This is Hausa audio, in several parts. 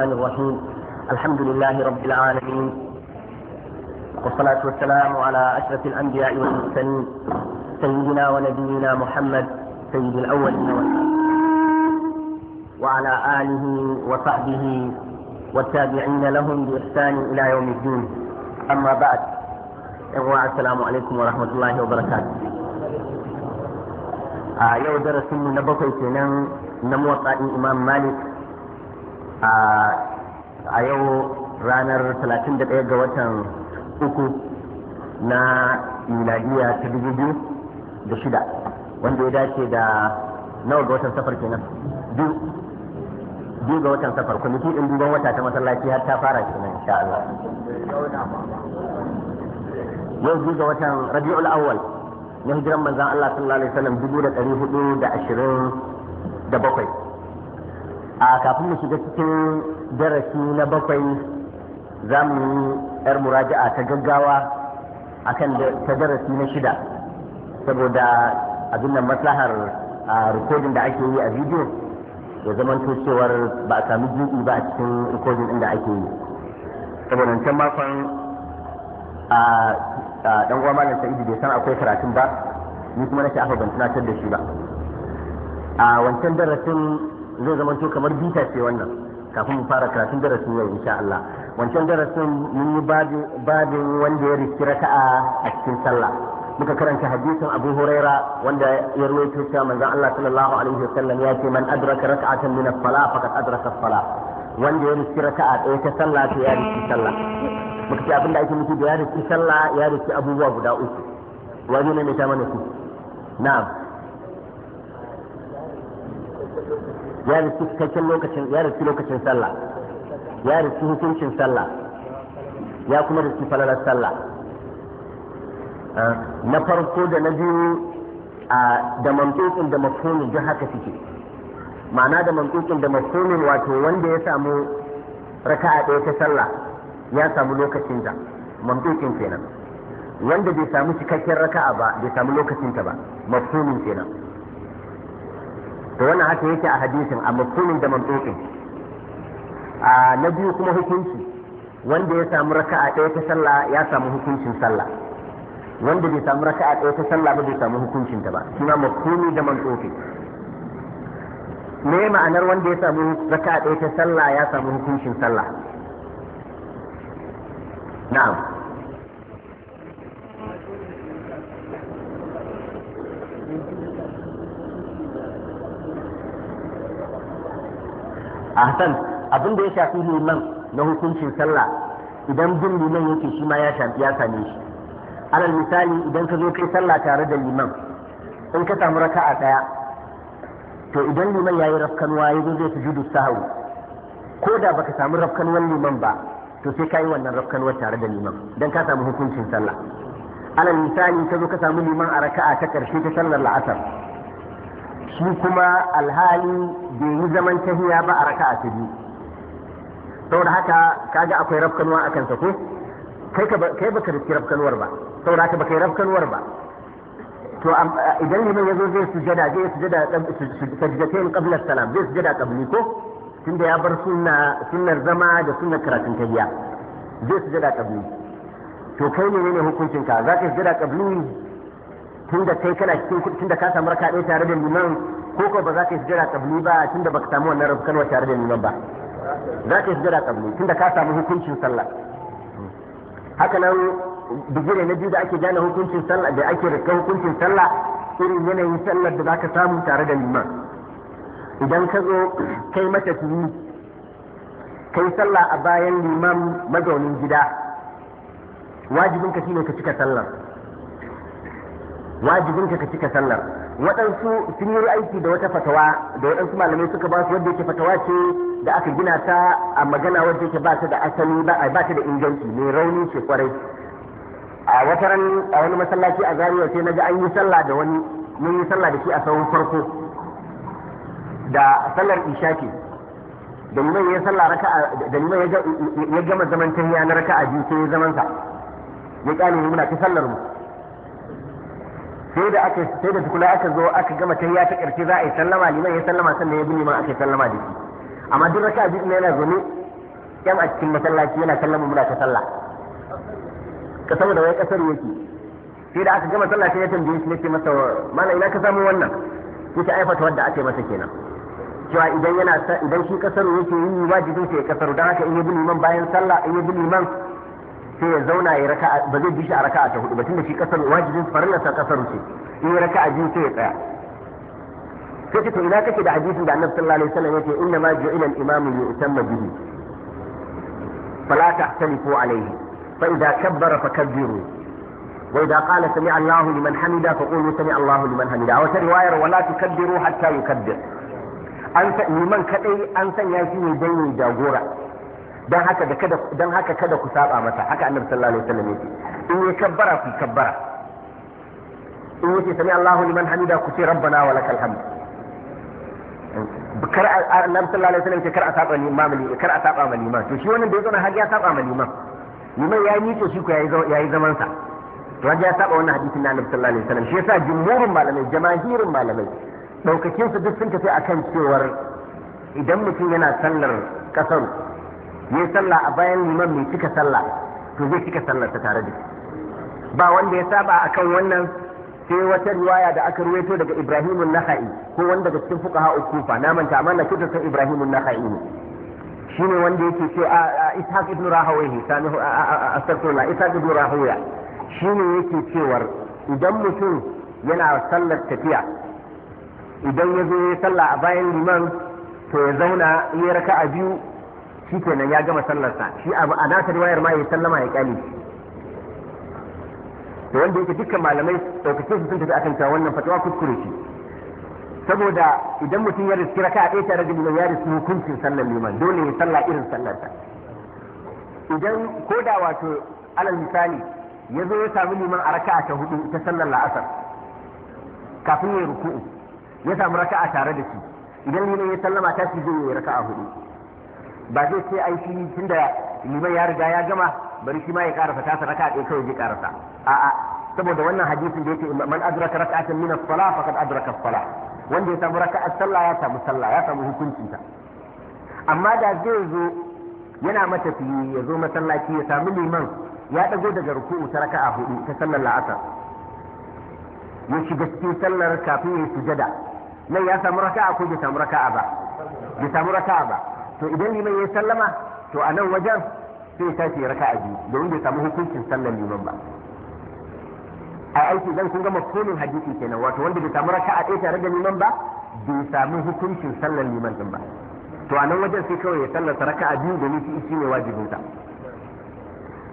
الرحمن الرحيم الحمد لله رب العالمين والصلاة والسلام على أشرف الأنبياء والمرسلين سيدنا ونبينا محمد سيد الأولين وعلى آله وصحبه والتابعين لهم بإحسان إلى يوم الدين أما بعد السلام عليكم ورحمة الله وبركاته آه يوم درس من في نموطأ إمام مالك a yau ranar 31 ga watan uku na miladiya ta dubu biyu da shida wanda ya dace da nawa ga watan safar kenan biyu ga watan safar kwamiti ɗin duban wata ta masallaci har ta fara kenan insha Allah yau biyu ga watan rabi'ul awwal na hijiran manzan Allah sallallahu alaihi wasallam dubu da ɗari hudu da ashirin da bakwai a kafin mu shiga cikin darasi na bakwai za mu yi yar muraja'a ta gaggawa a kan ta darasi na shida saboda abin nan maslahar a rikodin da ake yi a bidiyo ya zama cewar ba a sami jibi ba a cikin rikodin inda ake yi saboda can makon a dan uwa malam sa'idu bai san akwai karatun ba ni kuma na shafa ban tunatar da shi ba a wancan darasin zai zama to kamar bita ce wannan kafin mu fara karatun darasin yau insha Allah wancan darasin mun yi babin wanda ya riski raka'a a cikin sallah muka karanta hadisin Abu Huraira wanda ya ruwaito cewa manzon Allah sallallahu alaihi wasallam ya ce man adraka raka'atan min as-salah faqad adraka as-salah wanda ya riski raka'a ɗaya ta sallah to ya riski sallah muka ce abinda ake nufi da ya riski sallah ya riski abubuwa guda uku wani ne mai ta mana su na'am ya riski cikakken lokacin ya riski lokacin sallah ya riski hukuncin sallah ya kuma su falalar sallah ah, na farko da na biyu da mamtsokin da mafhumin duk haka suke ma'ana da mamtsokin da mafhumin wato wanda ya samu raka'a ɗaya ta sallah ya samu lokacin da mamtsokin kenan wanda bai samu cikakken raka'a ba bai samu lokacin ta ba mafhumin kenan to wannan haka yake a hadisin a mafhumin da mamdokin a na biyu kuma hukunci wanda ya samu raka'a ɗaya ta sallah ya samu hukuncin sallah wanda bai samu raka'a ɗaya ta sallah ba bai samu hukuncin ta ba shi ma mafhumi da mamdokin me ma'anar wanda ya samu raka'a ɗaya ta sallah ya samu hukuncin sallah na'am ahsan abin da ya shafi liman na hukuncin sallah idan bin liman yake shi ma ya shafi ya same shi alal misali idan ka zo kai sallah tare da liman in ka samu raka'a daya to idan liman yayi rafkanwa yazo zai sujudu sahwi ko da baka samu rafkanwan liman ba to sai kai wannan rafkanwar tare da liman dan ka samu hukuncin sallah alal misali ka zo ka samu liman a raka'a ta karshe ta sallar la'asar shi kuma alhali bai yi zaman tahiya ba a raka a biyu saboda haka kaga akwai rafkanuwa a kansa ko kai ka kai baka riski rafkanuwar ba saboda haka baka yi rafkanuwar ba to idan liman yazo zai sujada zai sujada sajdatain qabla salam zai sujada qabli ko tunda ya bar sunna sunnar zama da sunnar karatun tahiya zai sujada qabli to kai ne ne hukuncin ka zaka sujada qabli tunda kai kana cikin tunda ka samu raka'a tare da liman ko ko ba za ka yi sujada kabli ba tunda baka samu wannan rafkanwa tare da neman ba za ka yi sujada kabli tunda ka samu hukuncin sallah haka nan bigire na biyu da ake gane hukuncin sallah da ake rika hukuncin sallah irin yanayin sallar da za ka samu tare da neman idan ka zo kai mata tuni kai sallah a bayan liman mazaunin gida wajibin ka shine ka cika sallar wajibin ka cika sallar waɗansu sun yi aiki da wata fatawa da waɗansu malamai suka ba su wanda yake fatawa ce da aka gina ta a magana wanda yake ba ta da asali ba ba ta da inganci mai rauni ce kwarai a wata ran a wani masallaci a Zariya sai naga an yi sallah da wani mun yi sallah da shi a sahun farko da sallar isha ce da mai ya sallah raka'a da mai ya gama zaman tahiya na raka'a biyu sai ya zaman sa ya kyale muna ta sallar mu sai da aka sai da tukuna aka zo aka gama tahiyya ta karshe za a yi sallama liman ya sallama sannan ya bi liman aka yi sallama da shi amma duk raka'a biyu yana zaune yan a cikin masallaci yana sallama muna ta sallah ka saboda wai kasar yake sai da aka gama sallah sai ya tambaye shi nake masa mana ina ka samu wannan yace ai wanda aka yi masa kenan cewa idan yana idan shi kasar yake yi wajibin sai ya kasar dan haka in ya bi liman bayan sallah in ya bi liman sai ya zauna ya raka ba zai bi a raka'a ta hudu ba tunda shi kasar wajibin farilla ta kasar ce in ya raka'a biyu sai ya tsaya sai ce to ina kake da hadisin da annabi sallallahu alaihi wasallam yake inna ma ju'ila al-imamu yu'tamma bihi fala tahtalifu alaihi fa idza kabbara fakabbiru wa idza qala sami'a Allahu liman hamida fa qulu sami'a Allahu liman hamida wa riwayar wala tukabbiru hatta yukabbir an liman kadai an sanya shi ne dan jagora dan haka da kada dan haka kada ku saba masa haka annabi sallallahu alaihi wasallam yake in ya kabbara ku kabbara in yace sami Allahu liman hamida ku ce rabbana wa lakal hamd kar annabi sallallahu alaihi wasallam yake kar a saba ni imam kar a saba ma liman to shi wannan da ya zauna har ya saba ma liman liman ya miƙe shi ya yi zaman sa to ya saba wannan hadisin na annabi sallallahu alaihi wasallam shi yasa jumhurin malamai jamahirin malamai daukakin su duk sun tafi akan cewar idan mutum yana sallar kasar ya sallah a bayan liman mai cika sallah to zai cika sallar ta tare da ba wanda ya saba akan wannan sai wata riwaya da aka ruwaito daga Ibrahim an-Nakhai ko wanda daga cikin fuqaha fa, na manta amma na kitabun Ibrahim an-Nakhai ne shine wanda yake ce a Ishaq ibn Rahawayhi sanihu astaghfirullah Ishaq ibn Rahawaya shine yake cewa idan mutum yana sallar tafiya idan ya zo ya sallah a bayan liman to ya zauna ya raka'a biyu shi kenan ya gama sallarsa shi abu a nasa riwayar ma ya sallama ya kyale to wanda yake dukkan malamai ɗaukace su sun tafi akan cewa wannan fatawa kuskure ce saboda idan mutum ya riski raka a ɗaya tare da liman ya riski hukuncin sallar liman dole ya salla irin sallarsa idan ko da wato alal misali ya zo ya sami liman a raka'a ta hudu ta sallar la'asar kafin ya yi ruku'u ya samu raka'a tare da shi idan liman ya sallama ta shi zai yi raka'a hudu ba zai ce ai shi tunda liman ya riga ya gama bari shi ma ya karasa sa raka'a ɗaya kawai zai karasa a'a saboda wannan hadisin da yake man adraka raka'atan min as-salah faqad adraka as-salah wanda ya samu raka'a sallah ya samu sallah ya samu hukuncin ta amma da zai zo yana matafiyi ya zo masallaci ya samu liman ya dago daga ruku'u ta raka'a hudu ta sallar la'asar ya shiga cikin sallar kafin ya sujada nan ya samu raka'a ko bai samu raka'a ba bai samu raka'a ba to idan liman ya sallama to a nan wajen sai tashi ya a biyu domin bai samu hukuncin sallar liman ba a aiki zan kun ga mafhumin hadisi kenan wato wanda bai samu raka a ɗaya tare da liman ba bai samu hukuncin sallar liman din ba to a nan wajen sai kawai ya sallata a biyu domin shi ne ne ta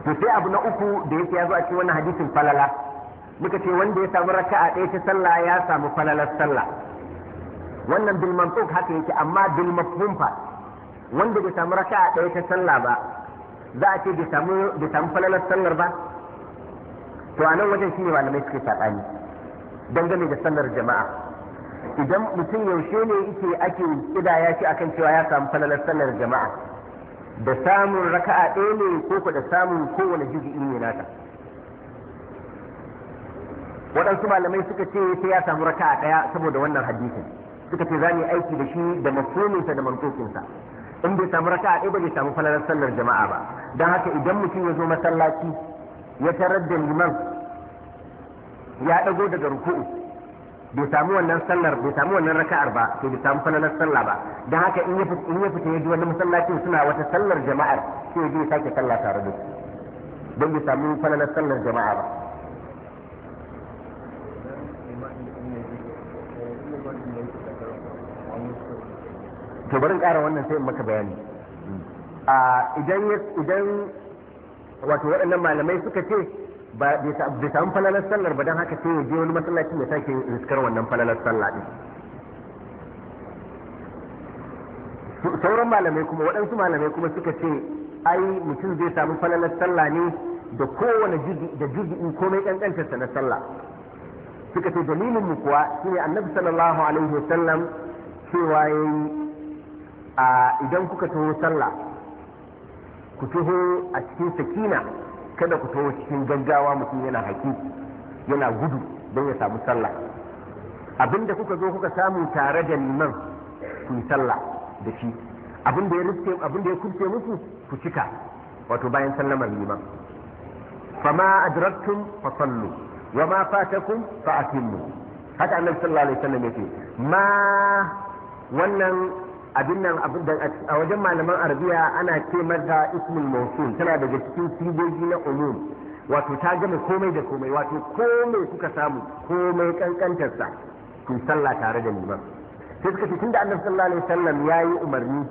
to sai abu na uku da yake ya zo a cikin wannan hadisin falala muka ce wanda ya samu raka a ɗaya ta sallah ya samu falalar sallah wannan bilman mantuq haka yake amma bil fa wanda bai samu raka a ɗaya ta sallah ba za a ce bai samu falalar sallar ba to a nan wajen ne malamai suke saɓani dangane da sallar jama'a idan mutum yaushe ne yake ake ƙidaya shi akan cewa ya samu falalar sallar jama'a da samun raka a ɗaya ne ko ku da samun kowane juzu'i ne nata waɗansu malamai suka ce sai ya samu raka a ɗaya saboda wannan hadisin suka ce za mu aiki da shi da masuminsa da mantokinsa in bai samu raka'a ɗaya ba bai samu falalar sallar jama'a ba don haka idan mutum ya zo masallaci ya tarar da liman ya ɗago daga ruku'u bai samu wannan sallar bai samu wannan raka'ar ba to bai samu falalar sallah ba don haka in ya fita ya ji wani masallacin suna wata sallar jama'ar sai ya je ya sake sallah tare da su don bai samu falalar sallar jama'a ba to bari ƙara wannan sai in maka bayani idan idan wato waɗannan malamai suka ce bai samu falalar sallar ba don haka sai ya je wani masallaci ya sake riskar wannan falalar sallah din sauran malamai kuma waɗansu malamai kuma suka ce ai mutum zai samu falalar sallah ne da kowane da juzu'i komai ƙanƙantarsa na sallah suka ce dalilin mu kuwa shine annabi sallallahu alaihi wasallam cewa yayi idan kuka taho sallah ku taho a cikin sakina kada ku taho cikin gaggawa mutum yana haki yana gudu don ya samu sallah abinda kuka zo kuka samu tare da liman ku yi sallah da shi abinda ya rufe abinda ya kurce musu ku cika wato bayan sallamar liman fama adraktum fa sallu wa ma fatakum fa atimmu haka annabi sallallahu alaihi wasallam yake ma wannan abin nan a wajen malaman arabiya ana ce mata ismul mawsul tana daga cikin sigogi na umum wato ta gama komai da komai wato komai kuka samu komai kankantarsa ku sallah tare da liman sai suka ce tunda annabi sallallahu alaihi wasallam yayi umarni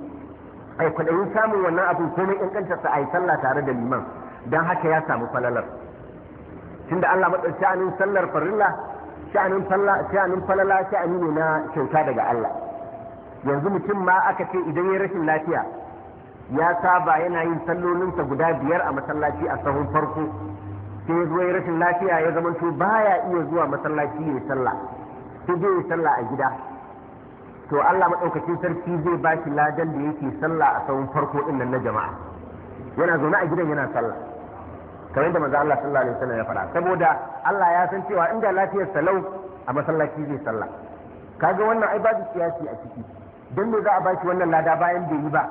ai kwadayin samun wannan abin komai kankantarsa ai sallah tare da liman dan haka ya samu falalar tunda Allah madauki sha'anin sallar farilla sha'anin sallah sha'anin falala sha'ani ne na kyauta daga Allah yanzu mutum ma aka ce idan ya rashin lafiya ya saba yana yin sallolinsa guda biyar a masallaci a sahun farko sai ya zo ya rashin lafiya ya zama to baya iya zuwa masallaci ya sallah sai zai ya sallah a gida to Allah madaukakin sarki zai ba shi ladan da yake sallah a sahun farko din nan na jama'a yana zaune a gidan yana sallah kamar yadda manzo Allah sallallahu alaihi wasallam ya faɗa saboda Allah ya san cewa inda lafiyar salau a masallaci zai sallah kaga wannan ai babu siyasi a ciki don me za a bashi wannan lada bayan bai yi ba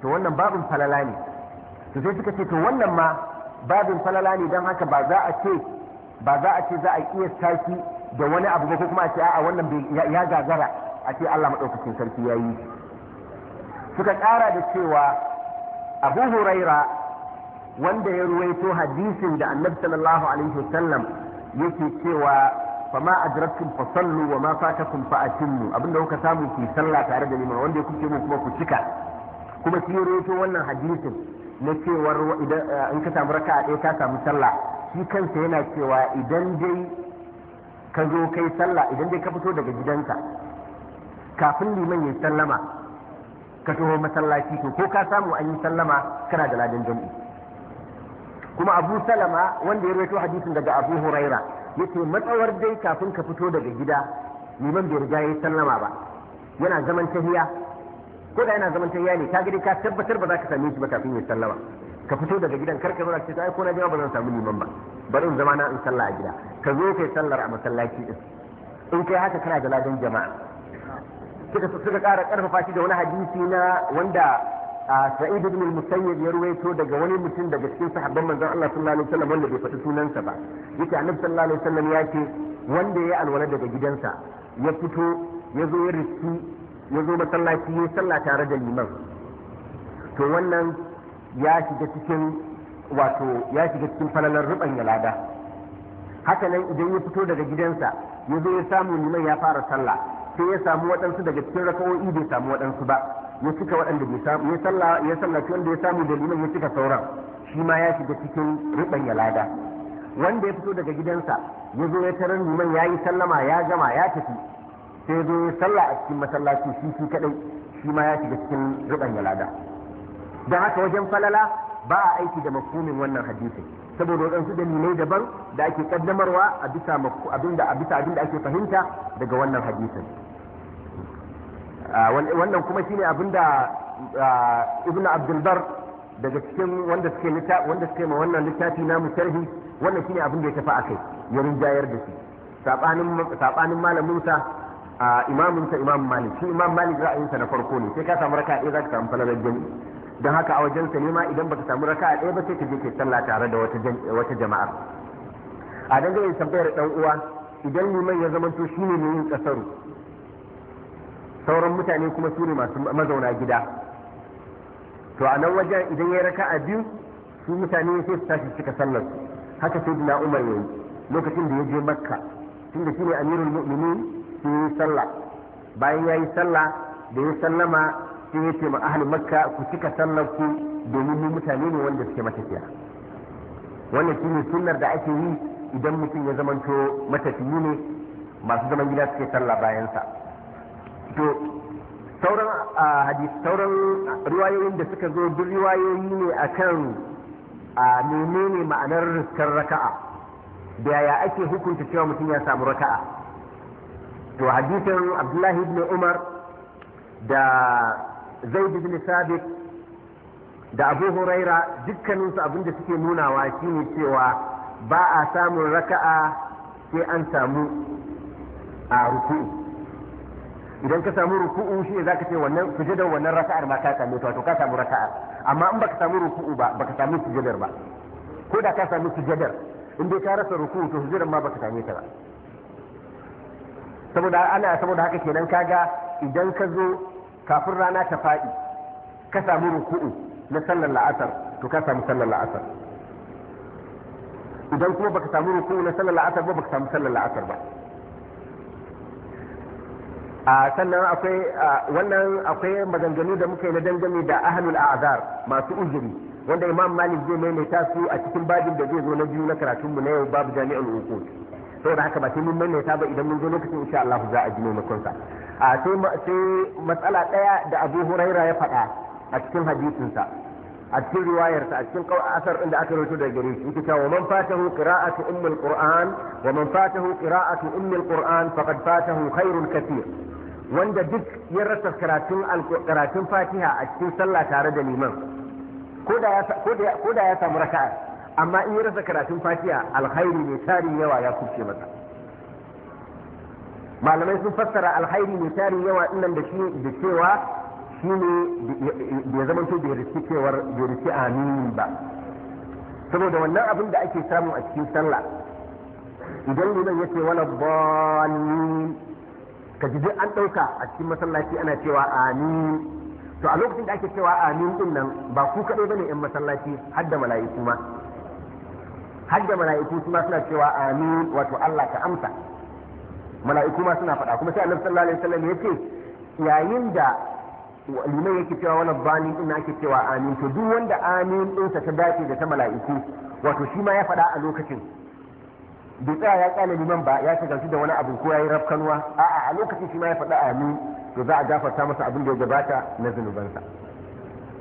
to wannan babin falala ne to sai suka ce to wannan ma babin falala ne don haka ba za a ce ba za a ce za a iya saki da wani abu ba ko kuma a ce a'a wannan ya gagara a ce Allah madaukakin sarki ya yi suka ƙara da cewa Abu Huraira wanda ya ruwaito hadisin da Annabi sallallahu alaihi wasallam yake cewa fama fa sallu wa ma fatakum fa atimmu abinda kuka samu ku sallah tare da liman wanda kuke mu kuma ku cika kuma shi rawaito wannan hadisin na cewar idan in ka samu raka'a ɗaya ka samu sallah shi kansa yana cewa idan dai ka zo kai sallah idan dai ka fito daga gidanka kafin liman ya sallama ka taho masallaci to ko ka samu an yi sallama kana da ladan jam'i kuma abu salama wanda ya rawaito hadisin daga abu huraira yace matsawar dai kafin ka fito daga gida liman bai riga ya sallama ba yana zaman tahiya ko da yana zaman tahiya ne ka gani ka tabbatar ba za ka same shi ba kafin ya sallama ka fito daga gidan karka zo ka ce ai ko na jima ba zan samu liman ba bari in zama na in sallah a gida ka zo kai sallar a masallaci din in kai haka kana da ladan jama'a suka suka kara karfafa shi da wani hadisi na wanda sa'id ibn al-musayyib ya ruwaito daga wani mutum daga cikin sahabban manzon Allah sallallahu alaihi wasallam wanda bai faɗi sunansa ba yace annabi sallallahu alaihi wasallam ya ce wanda ya alwala daga gidansa ya fito ya zo ya riski ya zo masallaci ya sallah tare da liman to wannan ya shiga cikin wato ya shiga cikin falalar ruban ya lada haka nan idan ya fito daga gidansa ya zo ya samu liman ya fara sallah sai ya samu waɗansu daga cikin raka'o'i bai samu waɗansu ba ya cika waɗanda bai samu ya sallah ya sallaci wanda ya samu da liman ya cika sauran shi ma ya shiga cikin ya lada wanda ya fito daga gidansa ya zo ya tarar liman ya yi sallama ya gama ya tafi sai zo ya sallah a cikin masallaci shi shi kadai shi ma ya shiga cikin ya lada don haka wajen falala ba a aiki da mafhumin wannan hadisi saboda waɗansu dalilai daban da ake kaddamarwa a bisa abinda a bisa abinda ake fahimta daga wannan hadisin wannan kuma shine abinda ibnu abdul bar daga cikin wanda suke wanda suke ma wannan littafi na musharhi wannan shine abin da ya tafi akai ya rinjayar da shi sabanin sabanin malamin sa imamin sa imam malik shi imam malik ra'ayin sa na farko ne sai ka samu raka'a ɗaya zaka samu falalar jami dan haka a wajen sa ma idan baka samu raka'a ɗaya ba sai ka je ka sallah tare da wata wata jama'a a dangane tambayar dan uwa idan liman ya zamanto shine ne yin kasaru sauran mutane kuma su ne masu mazauna gida to a nan wajen idan ya raka a biyu su mutane sai su tashi cika sallar haka sai dina umar yayi lokacin da ya je makka tunda shine amirul mumini sai yi sallah bayan ya yi sallah da ya sallama sai ya ce ma makka ku cika sallar ku domin mu mutane ne wanda suke matafiya wannan shine sunnar da ake yi idan mutum ya zamanto matafiyi ne masu zaman gida suke sallah bayansa to sauran hadis sauran riwayoyin da suka zo duk riwayoyi ne akan a menene ma'anar riskar raka'a da ya ake hukunta cewa mutum ya samu raka'a to hadisin abdullahi ibn umar da zaid ibn sabit da abu huraira dukkaninsu abinda suke nunawa shine cewa ba a samun raka'a sai an samu a ruku'u idan ka samu ruku'u shi ka ce wannan sujudar wannan raka'ar ma ka same ta wato ka samu raka'ar amma in baka samu ruku'u ba baka samu sujudar ba ko da ka samu sujudar in dai ka rasa ruku'u to sujudar ma baka same ta ba saboda ana saboda haka kenan kaga idan ka zo kafin rana ta faɗi ka samu ruku'u na sallar la'asar to ka samu sallar la'asar idan kuma baka samu ruku'u na sallar la'asar ba baka samu sallar la'asar ba a sannan akwai wannan akwai maganganu da muka yi na dangane da ahlul a'zar masu uzuri wanda imam malik zai maimaita su a cikin babin da zai zo na biyu na karatunmu na yau babu jami'ul uku saboda haka ba sai mun maimaita ba idan mun zo lokacin insha Allah za a ji maimakon sa a sai matsala daya da Abu Huraira ya faɗa a cikin hadisin sa a cikin riwayarsa a cikin asar inda aka rawaito daga gare shi yake wa man fatahu qira'atu ummul qur'an wa man fatahu qira'atu ummul qur'an faqad fatahu khairun kathir wanda duk ya rasa karatun karatun fatiha a cikin sallah tare da liman ko da ya samu raka'a amma in ya rasa karatun fatiha alkhairi ne tari yawa ya kubce masa malamai sun fassara alkhairi ne tari yawa dinnan da shi da cewa shi ne bai zama to bai riski cewar bai riski aminin ba saboda wannan abin da ake samu a cikin sallah idan liman ya ce wala bani ka ji an ɗauka a cikin masallaci ana cewa amin to a lokacin da ake cewa amin din nan ba ku kaɗai bane yan masallaci har da mala'iku ma har da mala'iku kuma suna cewa amin wato Allah ka amsa mala'iku ma suna faɗa kuma sai annabi sallallahu alaihi wasallam ya ce yayin da liman yake cewa wani bani din ake cewa amin to duk wanda amin ɗinsa ta dace da ta mala'iku wato shi ma ya faɗa a lokacin bai tsaya ya kyale liman ba ya shagaltu da wani abu ko ya yi rafkanwa a'a a lokacin shi ma ya faɗa amin to za a gafarta masa abin da ya gabata na zunubansa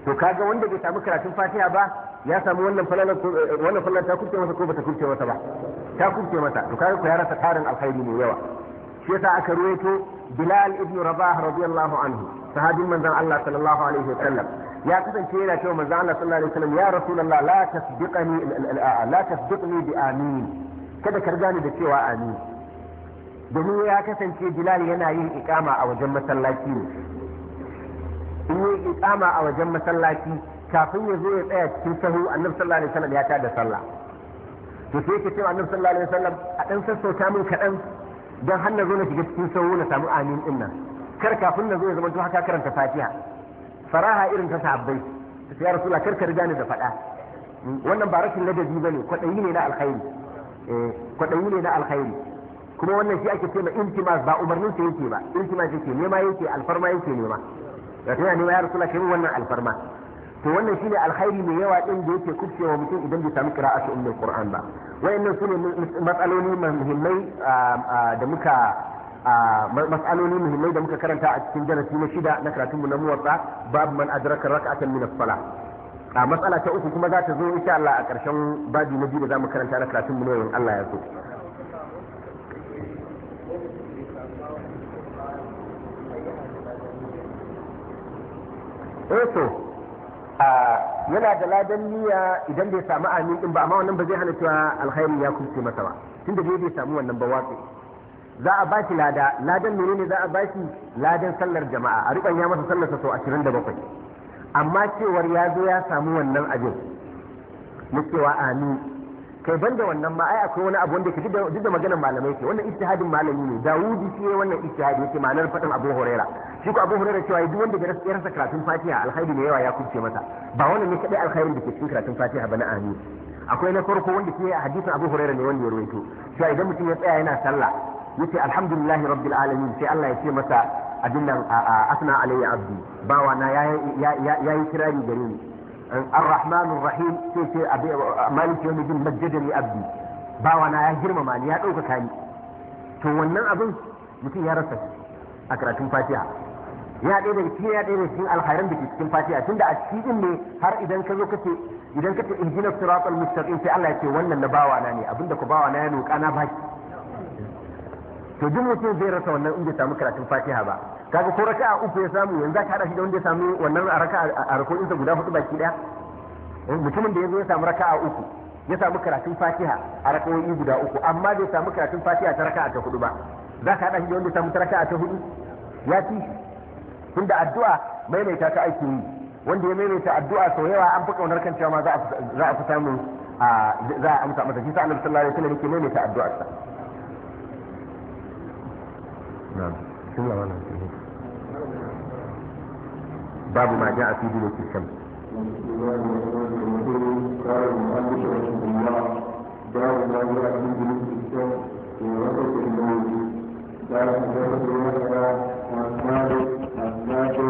to kaga wanda bai samu karatun fatiha ba ya samu wannan falalar eh, wannan falalar ta kurce masa ko bata kurce masa ba ta kurce masa to kaga ku ya rasa tarin alkhairi ne yawa shi yasa aka ruwaito Bilal ibn Rabah radiyallahu anhu sahabin Manzan Allah sallallahu alaihi wa sallam ya kasance yana cewa manzon Allah sallallahu alaihi wasallam ya rasulullah la tasbiqani la tasbiqni bi amin kada ka riga ni da cewa amin domin ya kasance Bilal yana yin ikama a wajen masallaci ne in yi ikama a wajen masallaci kafin ya zo ya tsaya cikin sahu annabi sallallahu alaihi sallam ya ta da sallah to sai yake cewa annabi sallallahu alaihi sallam a dan sassauta min kadan dan har na zo na shiga cikin sahu na samu amin din nan kar kafin na zo ya zamanto haka karanta fatiha faraha irin ta sahabbai ta ce ya rasula kar ka riga ni da faɗa wannan ba rashin ladabi bane kwaɗayi ne na alkhairi eh, kwaɗayi ne na alkhairi kuma wannan shi ake ce intimas ba umarnin sa yake ba intimas yake nema yake alfarma yake nema da tana nema ya rasula kai wannan alfarma to wannan shine alkhairi mai yawa din da yake kubcewa mutum idan bai samu qira'atu ummul qur'an ba wayannan sune matsaloli muhimmai ah, ah, da muka a mas'aloli muhimmai da muka karanta a cikin darasi na shida na karatun mu na muwatsa babu man adraka rak'atan min as-salah a matsala ta uku kuma za ta zo insha Allah a ƙarshen babi na biyu da zamu karanta na mu mu yau Allah ya so eto eh yana da ladan niyya idan bai samu amin din ba amma wannan ba zai hana cewa alkhairi ya kubce masa ba tunda bai samu wannan ba watsi za a ba shi lada ladan mene ne za a ba shi ladan sallar jama'a a riban ya masa sallar sau ashirin da bakwai amma cewar ya zo ya samu wannan abin mu cewa amin kai ban da wannan ma ai akwai wani abu wanda ke duk da maganar malamai ke wannan ijtihadin malami ne dawudi shi ne wannan ijtihadi yake ma'anar fadin abu huraira shi ko abu huraira cewa duk wanda ya rasa karatun fatiha alkhairi ne yawa ya kubce masa ba wannan ne kadai alkhairin da ke cikin karatun fatiha ba na amin akwai na farko wanda ke a hadisin abu huraira ne wanda ya rawaito cewa idan mutum ya tsaya yana sallah yace alhamdulillahi rabbil alamin sai Allah ya ce masa abin nan asna alayya abdi bawa na yayi kirari gare ni arrahmanur rahim sai ce maliki yawmiddin majjadani abdi bawa ya girmama ya ɗaukaka ni to wannan abin ya rasa a karatun fatiha ya ɗaya daga ya ɗaya daga alkhairan da ke cikin fatiha tunda a cikin ne har idan ka zo kace idan kace ihdina siratal mustaqim sai Allah ya ce wannan na bawa na ne abinda na ya roƙa na baki to duk mutum zai rasa wannan in bai samu karatun fatiha ba kaga ko raka'a uku ya samu yanzu ka hada shi da wanda ya samu wannan a raka'a a rako insa guda hudu baki daya eh, mutumin da yanzu ya samu raka'a uku ya samu karatun fatiha a rakoin guda uku amma bai samu karatun fatiha ta raka'a ta hudu ba za ka hada shi da wanda ya samu ta raka'a ta hudu ya fi tunda addu'a maimaita ta aiki yi wanda ya maimaita addu'a sau yawa an fi kaunar kan cewa ma za a fi samun za a amsa masa shi sa annabi sallallahu alaihi wasallam yake maimaita addu'arsa نعم بسم الله وانا باب ما جاء في دلة الشمس بسم الله الرحمن الرحيم قال المؤلف رحمه الله باب ما جاء في دلة الشمس في وسط الموت قال حدثنا مثلا عن مالك عن نافع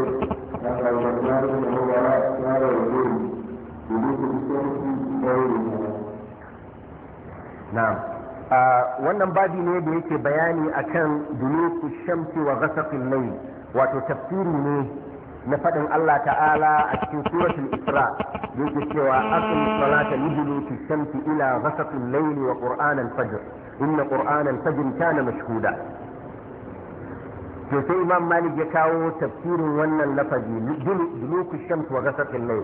عن الرحمن بن عمر قال يقول دلة الشمس غير نعم wannan babi ne da yake bayani akan dunuku shamsi wa ghasaqil layl wato tafsiri ne na faɗin Allah ta'ala a cikin suratul Isra yake cewa aqim salata li dunuki shamsi ila ghasaqil layl wa qur'an al-fajr inna qur'an al-fajr kana mashhuda to sai Imam Malik ya kawo tafsirin wannan lafazi dunuku shamsi wa ghasaqil layl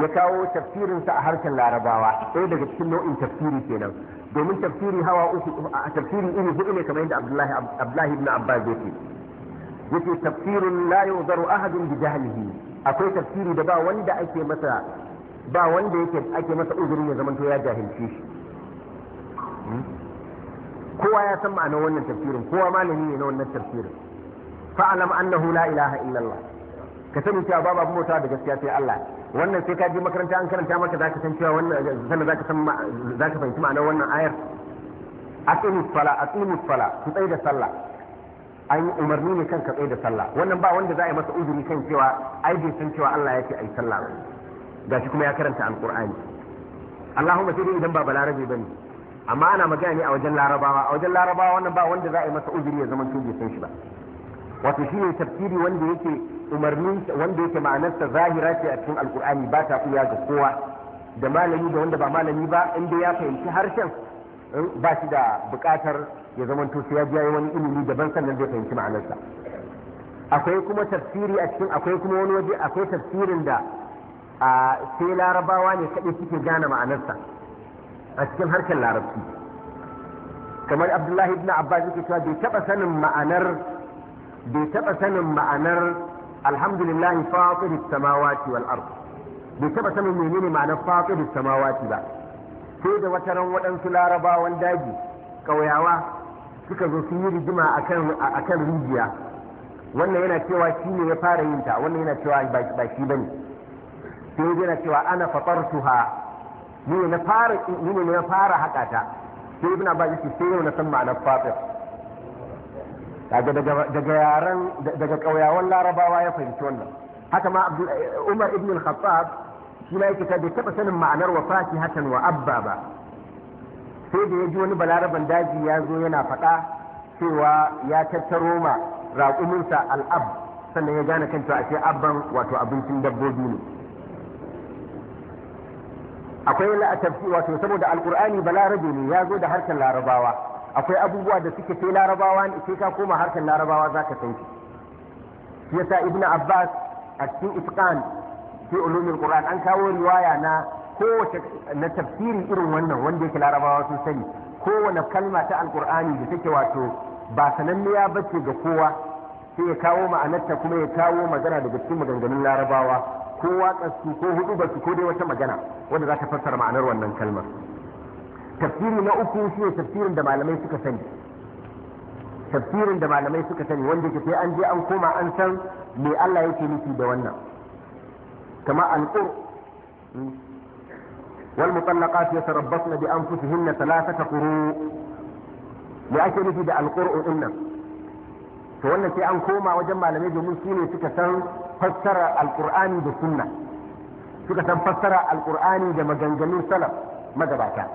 ya kawo tafsirinsa a harshen Larabawa ɗaya daga cikin nau'in tafsiri kenan domin tafsiri hawa uku a tafsiri iri hudu ne kamar yadda Abdullahi Abdullahi ibn Abbas yake yake tafsirin la yuzaru ahadun bi jahlihi akwai tafsiri da ba wanda ake masa ba wanda yake ake masa uzuri ya zamanto ya jahilci shi hmm? kowa ya san ma'anar wannan tafsirin kowa malami ne na wannan tafsirin fa'alam annahu la ilaha illallah ka sani cewa babu mota da gaskiya sai Allah wannan sai ka je makaranta an karanta maka zaka san cewa wannan sannan zaka san zaka fahimci ma'anar wannan ayar aqimus sala aqimus sala ku tsaya da sallah an yi umarni ne kan ka tsaya da sallah wannan ba wanda za a yi masa uzuri kan cewa ai bai san cewa Allah ya ce ai sallah ba gashi kuma ya karanta alqur'ani Allahumma sai dai idan ba balarabe bane amma ana magana ne a wajen larabawa a wajen larabawa wannan ba wanda za a yi masa uzuri ya zama tun bai san shi ba wato shine tafsiri wanda yake umarnin wanda yake ma'anarsa zahira ce a cikin alkur'ani ba ta kuya ga kowa da malami da wanda ba malami ba inda ya fahimci harshen ba shi da bukatar ya zamanto sai ya biya wani ilimi daban sannan zai fahimci ma'anarsa akwai kuma tafsiri a cikin akwai kuma wani waje akwai tafsirin da sai larabawa ne kaɗai suke gane ma'anarsa a cikin harshen larabci kamar abdullahi ibn abbas yake cewa bai taɓa sanin ma'anar bai taɓa sanin ma'anar alhamdulillah fatir samawati wal ard bai taba sanin menene ma'anar fatir samawati ba sai da wata ran waɗansu larabawan daji ƙauyawa suka zo sun yi rigima akan kan rijiya wannan yana cewa shi ne ya fara yin ta wannan yana cewa ba shi sai yana cewa ana fatartuha ni ne na fara ni ne fara haƙa ta sai sai yau na san ma'anar fatir daga yaren daga ƙauyawan larabawa ya fahimci wannan haka ma umar ibn al-khattab shi ma yake bai taba sanin ma'anar wa faki wa abba ba sai da ya ji wani balaraban daji ya zo yana faɗa cewa ya tattaro ma raƙuminsa al'ab sannan ya gane kan cewa ashe abban wato abincin dabbobi ne akwai la'atafi wato saboda alkur'ani balarabe ne ya zo da harkar larabawa akwai abubuwa da suke sai larabawa ne sai ka koma harkar larabawa za ka san shi yasa ibnu abbas a cikin itqan fi ulumul qur'an an kawo riwaya na kowace na tafsiri irin wannan wanda yake larabawa sun sani kowane kalma ta alqur'ani da take wato ba ya bace ga kowa sai ya kawo ma'anarta kuma ya kawo magana daga cikin maganganun larabawa ko waƙarsu ko hudu ko dai wata magana wanda za ta fassara ma'anar wannan kalmar tafsiri na uku shi ne tafsirin da malamai suka sani tafsirin da malamai suka sani wanda ke sai an je an koma an san me Allah yake nufi da wannan kama alqur wal mutallaqat yatarabbasna bi anfusihinna thalathata quru me ake nufi da alqur'u dinnan to wannan sai an koma wajen malamai domin su ne suka san fassara alqur'ani da sunna suka san fassara alqur'ani da maganganun salaf magabata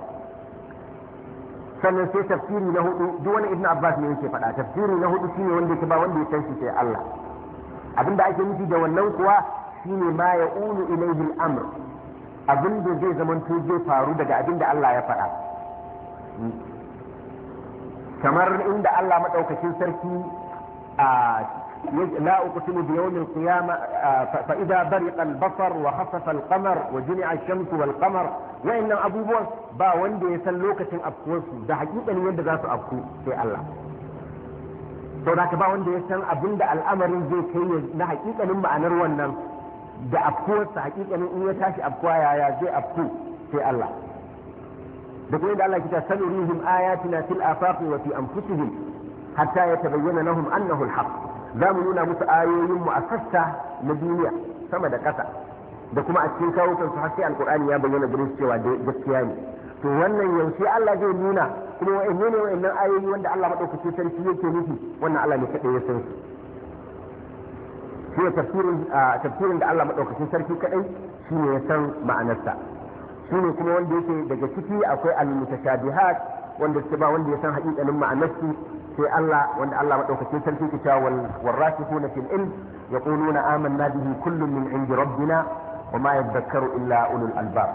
sannan sai tafsiri na hudu duk wani ibnu abbas ne yake faɗa tafsiri na hudu shine wanda yake ba wanda ya san sai Allah abinda ake nufi da wannan kuwa shine ma ya ulu ilayhi al-amr abin da zai zamanto zai faru daga abin da Allah ya faɗa kamar inda Allah madaukakin sarki a لا اقسم بيوم القيامة آه، فاذا برق البصر وخصف القمر وجمع الشمس والقمر وان ابو بوس با وند يسلوكة ابقوس دا حقيقة يند غاس ابقو في الله دو ناك با وند يسن ابن الامر زي كي نا حقيقة نم انروان نم دا ابقوس حقيقة نم اي تاش يا يا زي ابقو في الله دكو يند الله كتا سنريهم آياتنا في الافاق وفي انفسهم حتى يتبين لهم انه الحق za mu nuna musu ayoyinmu a sassa na duniya sama da ƙasa da kuma a cikin kawo kansu har sai alkur'ani ya bayyana gurin cewa gaskiya ne to wannan yaushe Allah zai nuna kuma wa'anne ne wa'annan ayoyi wanda Allah madaukakin sarki yake nufi wannan Allah ne kadai ya san su shi tafsirin tafsirin da Allah madaukakin sarki kaɗai shi ne ya san ma'anarsa shi ne kuma wanda yake daga ciki akwai al-mutashabihat wanda suke ba wanda ya san haƙiƙanin ma'anarsu sai Allah wanda Allah madaukakin sarki ke cewa wal rasikuna fil ilm yaquluna amanna bihi kullun min indi rabbina wa ma yadhakkaru illa ulul albab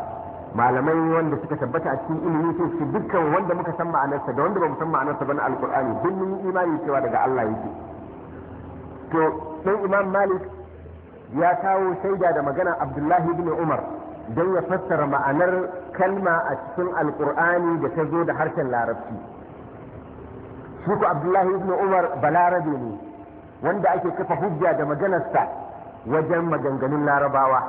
malamai wanda suka tabbata a cikin ilimi sai su dukkan wanda muka san ma'anarsa da wanda ba mu san ma'anarsa ba na alqur'ani duk mun imani cewa daga Allah yake to dan imam malik ya kawo shaida da maganar abdullahi ibn umar don ya fassara ma'anar kalma a cikin alkur'ani da ta zo da harshen larabci shi abdullahi ibn umar balarabe ne wanda ake kafa hujja da maganarsa wajen maganganun larabawa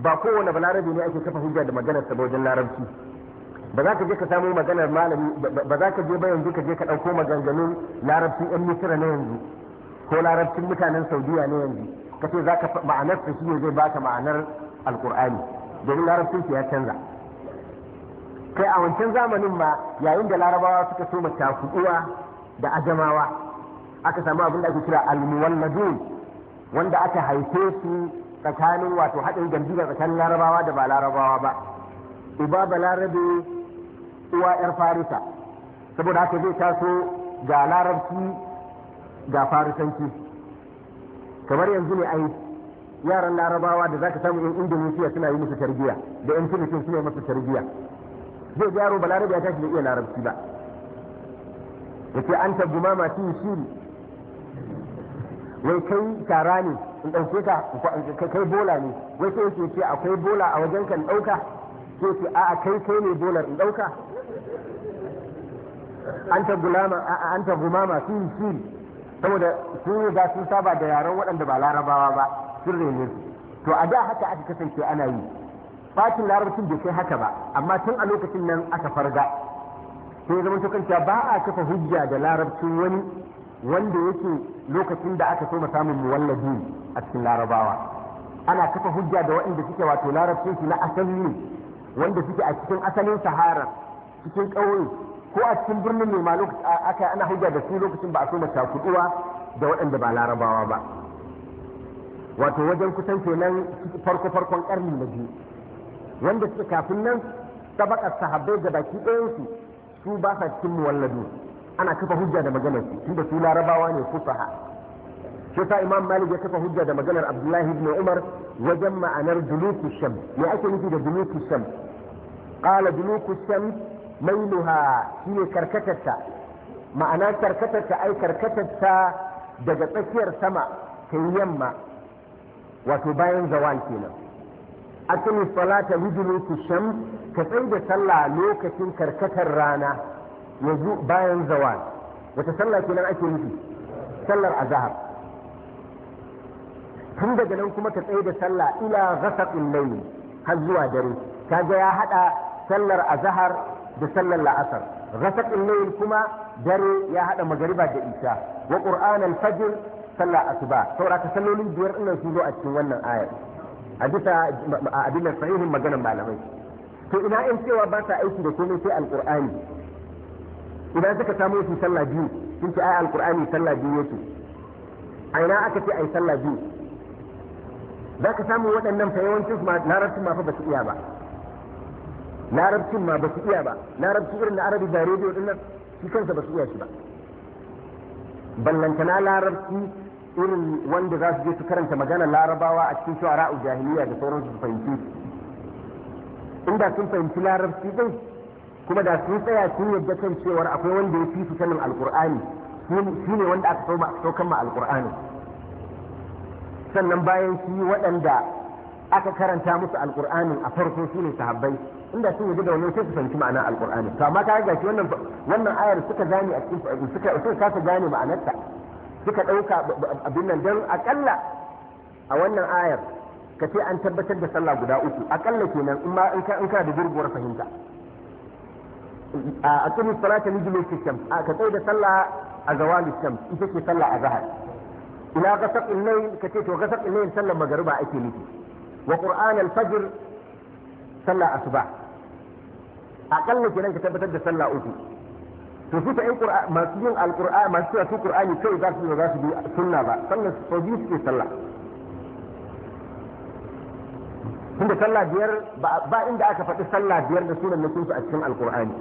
ba kowane balarabe ne ake kafa hujja da maganarsa wajen larabci ba za ka je ka samu maganar malami ba za ka je ba yanzu ka je ka ɗauko maganganun larabcin yan misira na yanzu ko larabcin mutanen saudiya na yanzu kace ce za ka ma'anar shi ne zai baka ma'anar alkur'ani domin larabcin ya canza kai a wancan zamanin ma yayin da larabawa suka so uwa da ajamawa aka samu abin da ake kira almuwalladun wanda aka haife su tsakanin wato haɗin da tsakanin larabawa da ba larabawa ba uba balarabe uwa yar farisa saboda haka zai taso ga larabci ga farisanci kamar yanzu ne ai yaran larabawa da za ka samu in indonesia suna yi musu tarbiyya, da yan filifin suna yi musu tarbiyya. zai ga yaro balarabe ya tashi da iya larabci ba yace an ta gumama shi shiri wai kai tara ne in ɗauke ka kai bola ne wai sai yake ce akwai bola a wajen kan ɗauka sai ce a'a kai kai ne bolar in ɗauka an ta gulama an ta gumama shi shiri saboda sun riga sun saba da yaren waɗanda ba larabawa ba sun rene to a da haka aka kasance ana yi Fatin larabcin bai kai haka ba amma tun a lokacin nan aka farga sai zama to kanta ba a kafa hujja da larabcin wani wanda yake lokacin da aka so samun muwallabi a cikin larabawa ana kafa hujja da waɗanda suke wato larabcin su na asali ne wanda suke a cikin asalin sahara cikin ƙauye ko a cikin birnin ne ma aka ana hujja da su lokacin ba a so cakuduwa da waɗanda ba larabawa ba wato wajen kusan kenan farko farkon ƙarni na biyu wanda suke kafin nan tabakar sahabbai da baki ɗayansu su ba sa cikin muwalladu ana kafa hujja da maganar su tunda su larabawa ne fusaha shi yasa imam malik ya kafa hujja da maganar abdullahi ibn umar wajen ma'anar duluku sham me ake nufi da duluku sham qala duluku sham mailuha shine karkatarta ma'ana karkatarta ai karkatarta daga tsakiyar sama kai yamma wato bayan zawal kenan aqimis falata liduluki shams ka tsai da sallah lokacin karkatar rana yanzu bayan zawal wata sallah kenan ake nufi sallar azhar tun daga nan kuma ka tsai da sallah ila ghasaqil layl har zuwa dare kaga ya haɗa sallar azahar da sallar la'asar ghasaqil layl kuma dare ya hada magariba da isa waƙur'anan qur'an al-fajr sallar asuba saboda ka sallolin biyar ɗin sun zo a cikin wannan ayar a bisa abin da sahihin maganar malamai to ina in cewa ba sa aiki da komai sai alqur'ani idan suka samu su sallah biyu sun ce ai alqur'ani sallah biyu yake a ina aka ce ai sallah biyu za ka samu waɗannan fa yawancin su larabcin ma fa ba su iya ba larabcin ma ba su iya ba larabci irin na arabi da rediyo dinnan shi kansa ba su iya shi ba ballantana larabci irin wanda za su je su karanta magana larabawa a cikin shu'ara a jahiliya da sauransu su fahimci inda sun fahimci larabci din kuma da sun tsaya sun yadda kan cewar akwai wanda ya fi su sanin alkur'ani shi ne wanda aka saukan ma alkur'ani sannan bayan shi waɗanda aka karanta musu alkur'anin a farko su ne sahabbai inda sun yi da wannan sai su fahimci ma'ana alkur'ani to amma ta ga shi wannan wannan ayar suka gane a cikin suka suka kasa gane ma'anarta suka ɗauka abin nan don aƙalla a wannan ayar ka ce an tabbatar da sallah guda uku Aƙalla kenan in ma in ka in da gurguwar fahimta a aqimi salata lijli shams a ka tsaya da sallah a zawali shams ita ce sallah a zahar ila ghasaq al-layl ka ce to ghasaq al-layl sallar magriba ake nufi wa qur'an al-fajr sallah asuba akalla kenan ka tabbatar da sallah uku to su qur'ani masu yin alqur'ani masu su qur'ani kai za su za su bi sunna ba sallar sau biyu suke sallah tunda sallah biyar ba inda aka faɗi sallah biyar da sunan su a cikin alqur'ani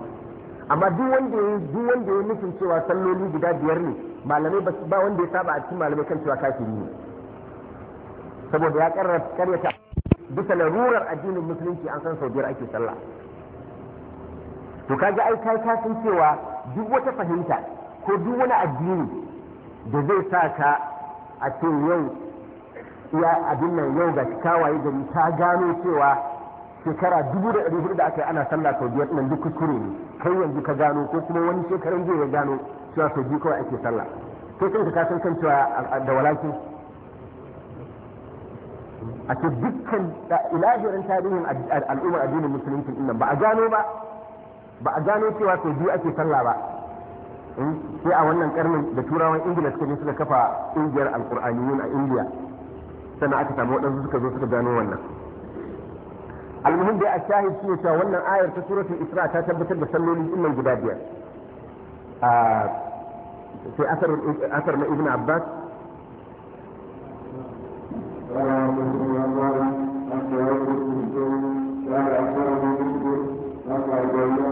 amma duk wanda ya duk wanda ya nufin cewa salloli guda biyar ne malamai ba wanda ya saba a cikin malamai kan cewa kafiri ne saboda ya karyata bisa larurar addinin musulunci an san sau biyar ake sallah to kaga ai kai ka san cewa duk wata fahimta ko duk wani addini da zai sa ka a ce yau ya abin nan yau ga kawaye gari ta gano cewa shekara dubu da ɗari hudu da aka yi ana sallah sau biyar nan duk kuskure ne kai yanzu ka gano ko kuma wani shekaran jiya ya gano cewa sau biyu kawai ake sallah sai kanka ka san kan cewa da walaki? a ce dukkan ilahirin tarihin al'ummar addinin musulunci ɗin nan ba a gano ba ba a gano cewa sau biyu ake sallah ba sai a wannan karnin da turawan ingila suka je suka kafa ƙungiyar alƙur'aniyun a indiya sannan aka samu waɗansu suka zo suka gano wannan almuhim dai a shahid shi ne cewa wannan ayar ta suratul isra ta tabbatar da salloli din guda biyar sai asar na ibn abbas Thank you.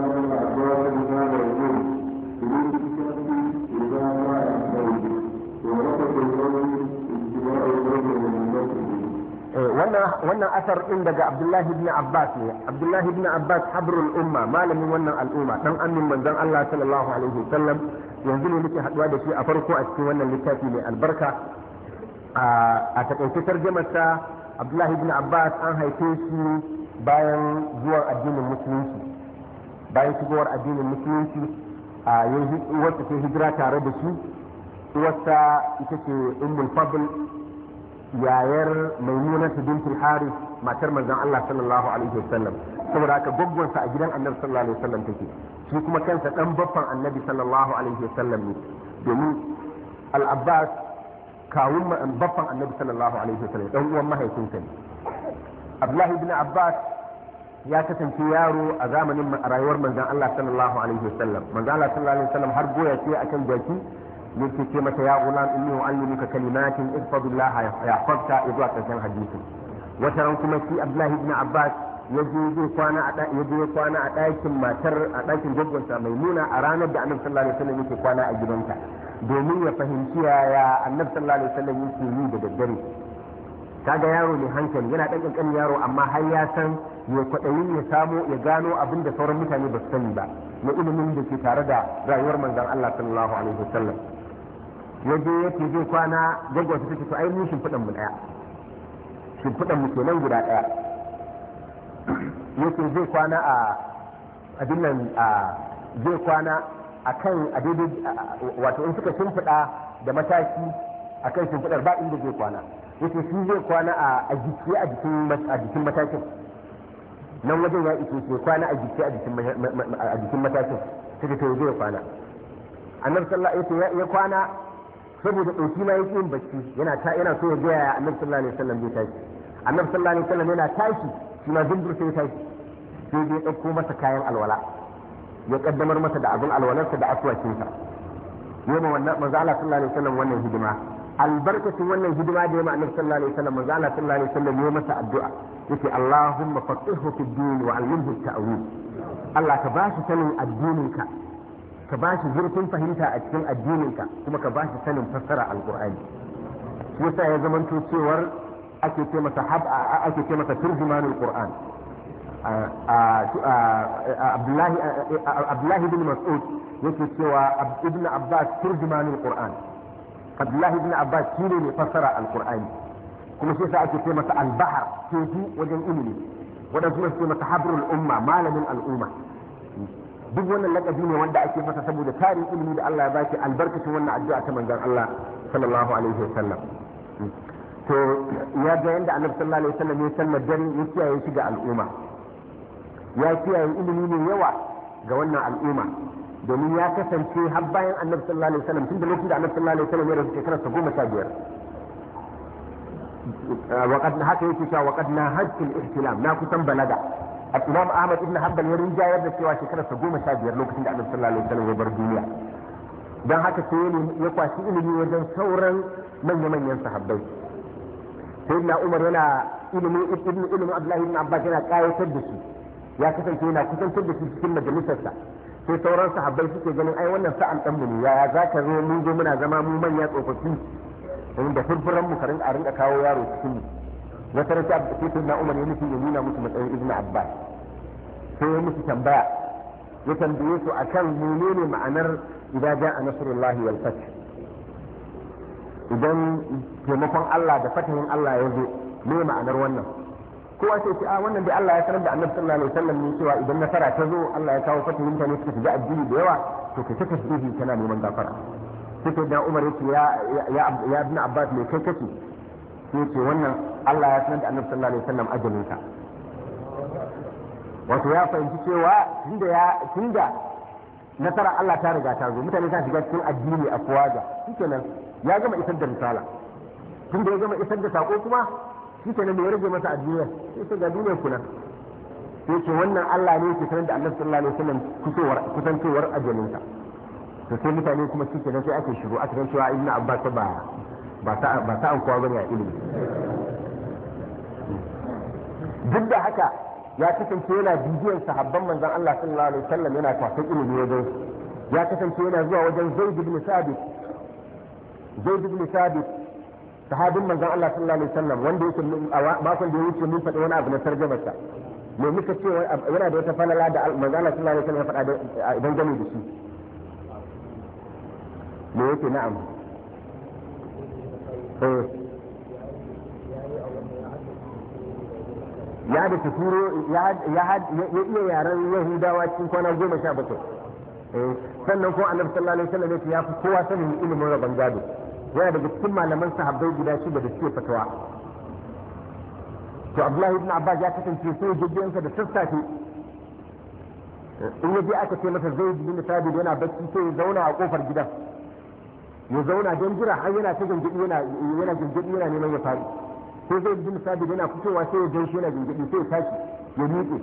Eh, wannan asar din daga abdullahi ibn abbas ne abdullahi ibn abbas habrul umma malamin wannan al'umma dan amin manzon allah sallallahu alaihi wasallam yanzu ne muke haduwa da shi a farko a cikin wannan littafi mai albarka a takaice tarjamarsa abdullahi ibn abbas an haife shi bayan zuwan addinin musulunci bayan shigowar addinin musulunci a yanzu uwarsa ta hijira tare da shi uwarsa ita ce ummul fadl yayar mai maimunatu bintul haris matar manzan Allah sallallahu alaihi wasallam saboda haka gwaggwansa a gidan annabi sallallahu alaihi wasallam take shi kuma kansa dan baffan annabi sallallahu alaihi wasallam ne domin al-abbas kawun baffan annabi sallallahu alaihi wasallam dan uwan mahaifinsa ne abdullahi ibn abbas ya kasance yaro a zamanin rayuwar manzan Allah sallallahu alaihi wasallam Allah sallallahu alaihi wasallam har goya ce akan jaki yake ce mata ya gulam inni uallimuka kalimatin ihfazillah yahfazka zuwa karshen hadisi wata ran kuma shi Abdullahi ibn Abbas ya je zai kwana a ya kwana a ɗakin matar a ɗakin jaggonsa mai nuna a ranar da Annabi sallallahu alaihi wasallam yake kwana a gidanta domin ya fahimci yaya Annabi sallallahu alaihi wasallam yake yi da daddare kaga yaro mai hankali yana ɗan ƙanƙanin yaro amma har ya san ya kwaɗayin ya samo ya gano abin da sauran mutane ba su sani ba na ilimin da ke tare da rayuwar manzon Allah sallallahu alaihi wasallam ya je yake zai kwana jagwa ta take to ai mun shimfiɗan mu ɗaya shimfiɗan mu kenan guda ɗaya yake zai kwana a abin a zai kwana a kan a daidai wato in suka shimfiɗa da mataki a kan shimfiɗar ba inda zai kwana yake shi zai kwana a jiki a jikin matakin nan wajen ya ike ke kwana a jiki a jikin matakin take to zai kwana annabi sallallahu alaihi wasallam ya kwana saboda ɗauki na yake yin bacci yana ta yana so ya ga ya annabi sallallahu alaihi wasallam zai tashi annabi sallallahu alaihi wasallam yana tashi shi ma zumbur sai tashi sai dai ɗauko masa kayan alwala ya kaddamar masa da abin alwalarsa da akwatinsa yema wannan manzo Allah sallallahu alaihi wasallam wannan hidima albarkacin wannan hidima da yema annabi sallallahu alaihi wasallam manzo Allah sallallahu alaihi wasallam ya masa addu'a yace Allahumma faqihhu fid din wa 'allimhu at-ta'wil Allah ka bashi sanin addininka ka ba shi zurfin fahimta a cikin addininka kuma ka ba shi sanin fassara alkur'ani shi yasa ya zama zamanto cewar ake ce masa hab ake ce masa turjumanul qur'an abdullahi abdullahi ibn mas'ud yake cewa ibnu abbas turjumanul qur'an abdullahi bin abbas shine mai fassara alkur'ani kuma shi yasa ake ce masa albahar teku wajen ilimi wadansu ne su masa habrul umma malamin al'umma duk wannan lakabi ne wanda ake masa saboda tarin ilimi da Allah ya baki albarkacin wannan addu'a ta manzon Allah sallallahu alaihi wasallam to ya ga yanda Annabi sallallahu alaihi wasallam ya sallar dare ya kiyaye shi ga al'umma ya kiyaye ilimi ne yawa ga wannan al'umma domin ya kasance har bayan Annabi sallallahu alaihi wasallam tun da lokacin da Annabi sallallahu alaihi wasallam ya rasu shekara ta goma sha biyar وقد haka yake cewa na ناهجت الاحتلام na kusan balaga. al-imam ahmad ibn hanbal ya rinjayar da cewa shekarar sa goma sha biyar lokacin da annabi sallallahu alaihi wasallam ya bar duniya dan haka sai ya kwashi ilimi wajen sauran manya-manyan sahabbai sayyidina umar yana ilimi ibn abdullahi ibn abbas yana kayatar da su ya kasance yana kusantar da su cikin majalisarsa sai sauran sahabbai suke ganin ai wannan sa'an dan mu ne yaya za ka zo mun zo muna zama mu manya tsofaffi da furfuran mu a rinka kawo yaro cikin wata rasa sai sun na umar ya nufi ya nuna musu matsayin ibn abbas sai ya musu tambaya ya tambaye su a kan menene ma'anar idan ja'a nasrullahi wal fath idan taimakon Allah da fatahin Allah ya zo me ma'anar wannan kowa sai a ah, wannan dai Allah ya sanar da annabi sallallahu alaihi wasallam ne idan nasara ta zo Allah ya kawo fatahin ta ne suka shiga addini da yawa to ka ta tasbihi neman gafara sai Umar yake ya ya ibn Abbas mai kai sai ce wannan Allah ya sanar da annabi sallallahu alaihi wasallam ajalin sa wato ya fahimci cewa tunda ya tunda nasara Allah ta riga ta zo mutane ta shiga cikin addini a kowaja shikenan ya gama isar da misala tunda ya gama isar da sako kuma shikenan bai rage masa addiniyar sai ta ga duniyar kuna sai ce wannan Allah ne ke sanar da annabi sallallahu alaihi wasallam kusantowar ajalin sa to sai mutane kuma shikenan sai ake shiru aka san cewa ibnu abbas ba ba ta ankuwa bane a ilimi duk da haka ya kasance yana bibiyan sahabban manzon Allah sallallahu alaihi wasallam yana kwasan ilimi wajen ya kasance yana zuwa wajen Zaid ibn Sabit Zaid ibn Sabit sahabin manzon Allah sallallahu alaihi wasallam wanda yake makon da ya wuce mun faɗi wani abu na tarjamarsa me muka ce yana da wata falala da manzon Allah sallallahu alaihi wasallam ya faɗa idan gami da shi me yake na'am Eh. ya da turo ya iya yaren yahudawa cikin kwana goma sha bakwai eh, sannan kuma annabi sallallahu alaihi wasallam ya fi kowa sanin ilimin rabon gado yana daga cikin malaman sahabbai guda shida da suke fatawa to abdullahi ibn abbas ya kasance sai jijjiyarsa da sassafe eh, in ya aka ce masa zai bin sabit yana bacci sai ya zauna a kofar gidan ya zauna don jira har yana ta gingiɗi yana gingiɗi yana neman ya faɗi sai zai ji misali yana fitowa sai ya gaishe yana gingiɗi sai ya tashi ya miƙe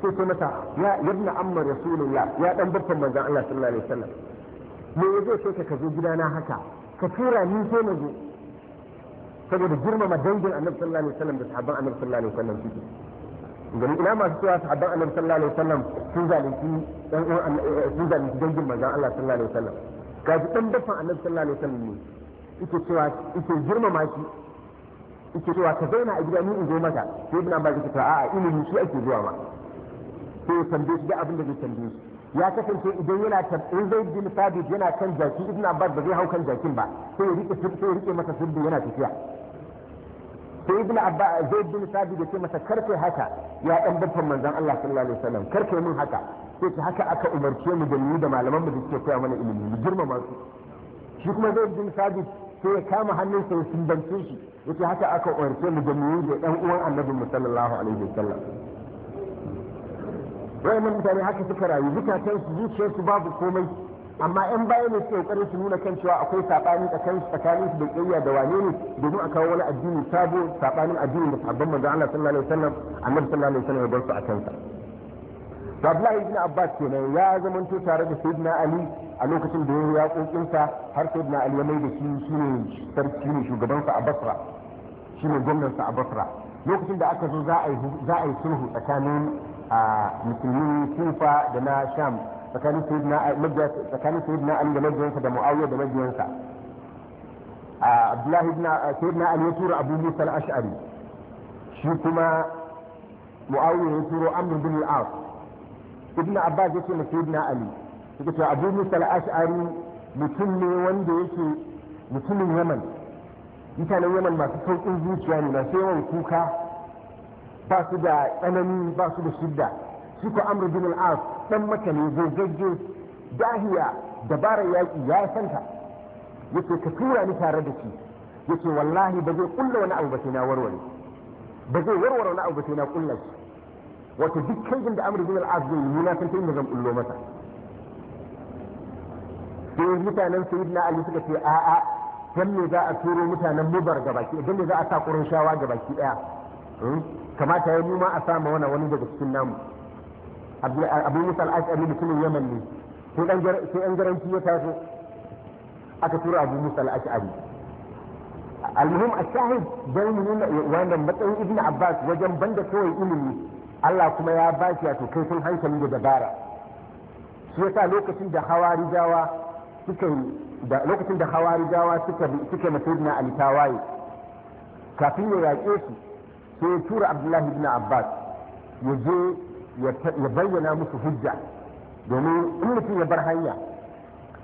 sai sai masa ya yabna amma rasulullah ya dan barkan manzon Allah sallallahu alaihi wasallam me yaje sai ka kazo gidana haka ka tura ni sai na zo saboda girmama dangin annabi sallallahu alaihi wasallam da sahabban annabi sallallahu alaihi wasallam suke gani ina masu cewa sahabban annabi sallallahu alaihi wasallam sun zalunci dan eh, sun zalunci dangin manzon Allah sallallahu alaihi wasallam ga shi dan dafa annabi sallallahu alaihi wasallam ne ike cewa yake girmama shi ike cewa ka zauna a gida ni in zo mata sai ibn abbas zai cewa a'a ilimi shi ake zuwa ma sai ya tambaye shi da abin da zai tambaye shi ya kasance idan yana in zai bin sabit yana kan jaki ibn abbas ba zai hau kan jakin ba sai ya rike sai ya rike masa sirri yana tafiya sai ibn abbas zai bin sabit ya ce masa karfe haka ya dan dafa manzon Allah sallallahu alaihi wasallam karfe min haka sai ta haka aka umarce mu da mu da malaman mu da suke koya mana ilimi mu girmama su shi kuma zai bin sabit sai ya kama hannun sa ya sumbance shi yace haka aka umarce mu da mu da dan uwan annabi mu sallallahu alaihi wasallam mun mutane haka suka rayu zukatan su zuciyar su babu komai amma yan baya ne suke kokarin su nuna kan cewa akwai sabani tsakanin tsakanin su da kiyaya da wane ne domin a kawo wani addini sabo sabanin addinin da sabban manzo Allah sallallahu alaihi wasallam annabi sallallahu alaihi wasallam ya bar su a kansa to Abdullahi ibn Abbas kenan ya zamanto tare da Sayyidina Ali a lokacin da ya kokinsa har Sayyidina Ali ya mai da shi shine sarki ne shugaban sa a Basra shine gwamnan sa a Basra lokacin da aka zo za a yi za a yi sulhu tsakanin musulmi Kufa da na Sham tsakanin Sayyidina tsakanin Sayyidina Ali da majiyansa da Muawiya da majiyansa Abdullahi ibn Sayyidina Ali ya tura Abu Musa al-Ash'ari shi kuma Muawiya ya tura Amr bin al-As ibn abbas yace mu sayyidina ali yake cewa abu musa ashari mutum ne wanda yake mutumin yaman mutanen yaman masu saukin zuciya ne masu yawan kuka ba su da tsanani ba su da shidda shi ko amr bin al-as dan maka ne gogagge dahiya dabarar yaki ya santa yace ka tura ni tare da shi yace wallahi ba zai kulla wani abu ba sai na warware ba zai warware wani abu ba sai na kulla shi wato duk canjin da amur bin al'az zai yi na san ta inda zan bullo masa sai mutanen sayyidina ali suka ce a'a dan ne za a turo mutanen mubar gabaki dan ne za a sa ƙurin shawa gabaki daya hmm? kamata ya mu ma a sama wani wani daga cikin namu abu musa al'ashari mutumin yaman ne sai an garanti ya taso aka tura abu musa al'ashari almuhim a shahid don nuna wanda matsayin ibn abbas wajen banda kawai ilimi Allah kuma ya ba shi wato kai sun hankali da dabara shi yasa lokacin da hawa suka da lokacin da hawarijawa suka suka masayidina kafin ya yaƙe su sai ya tura Abdullahi ibn Abbas ya je ya bayyana musu hujja domin in mutum ya bar hanya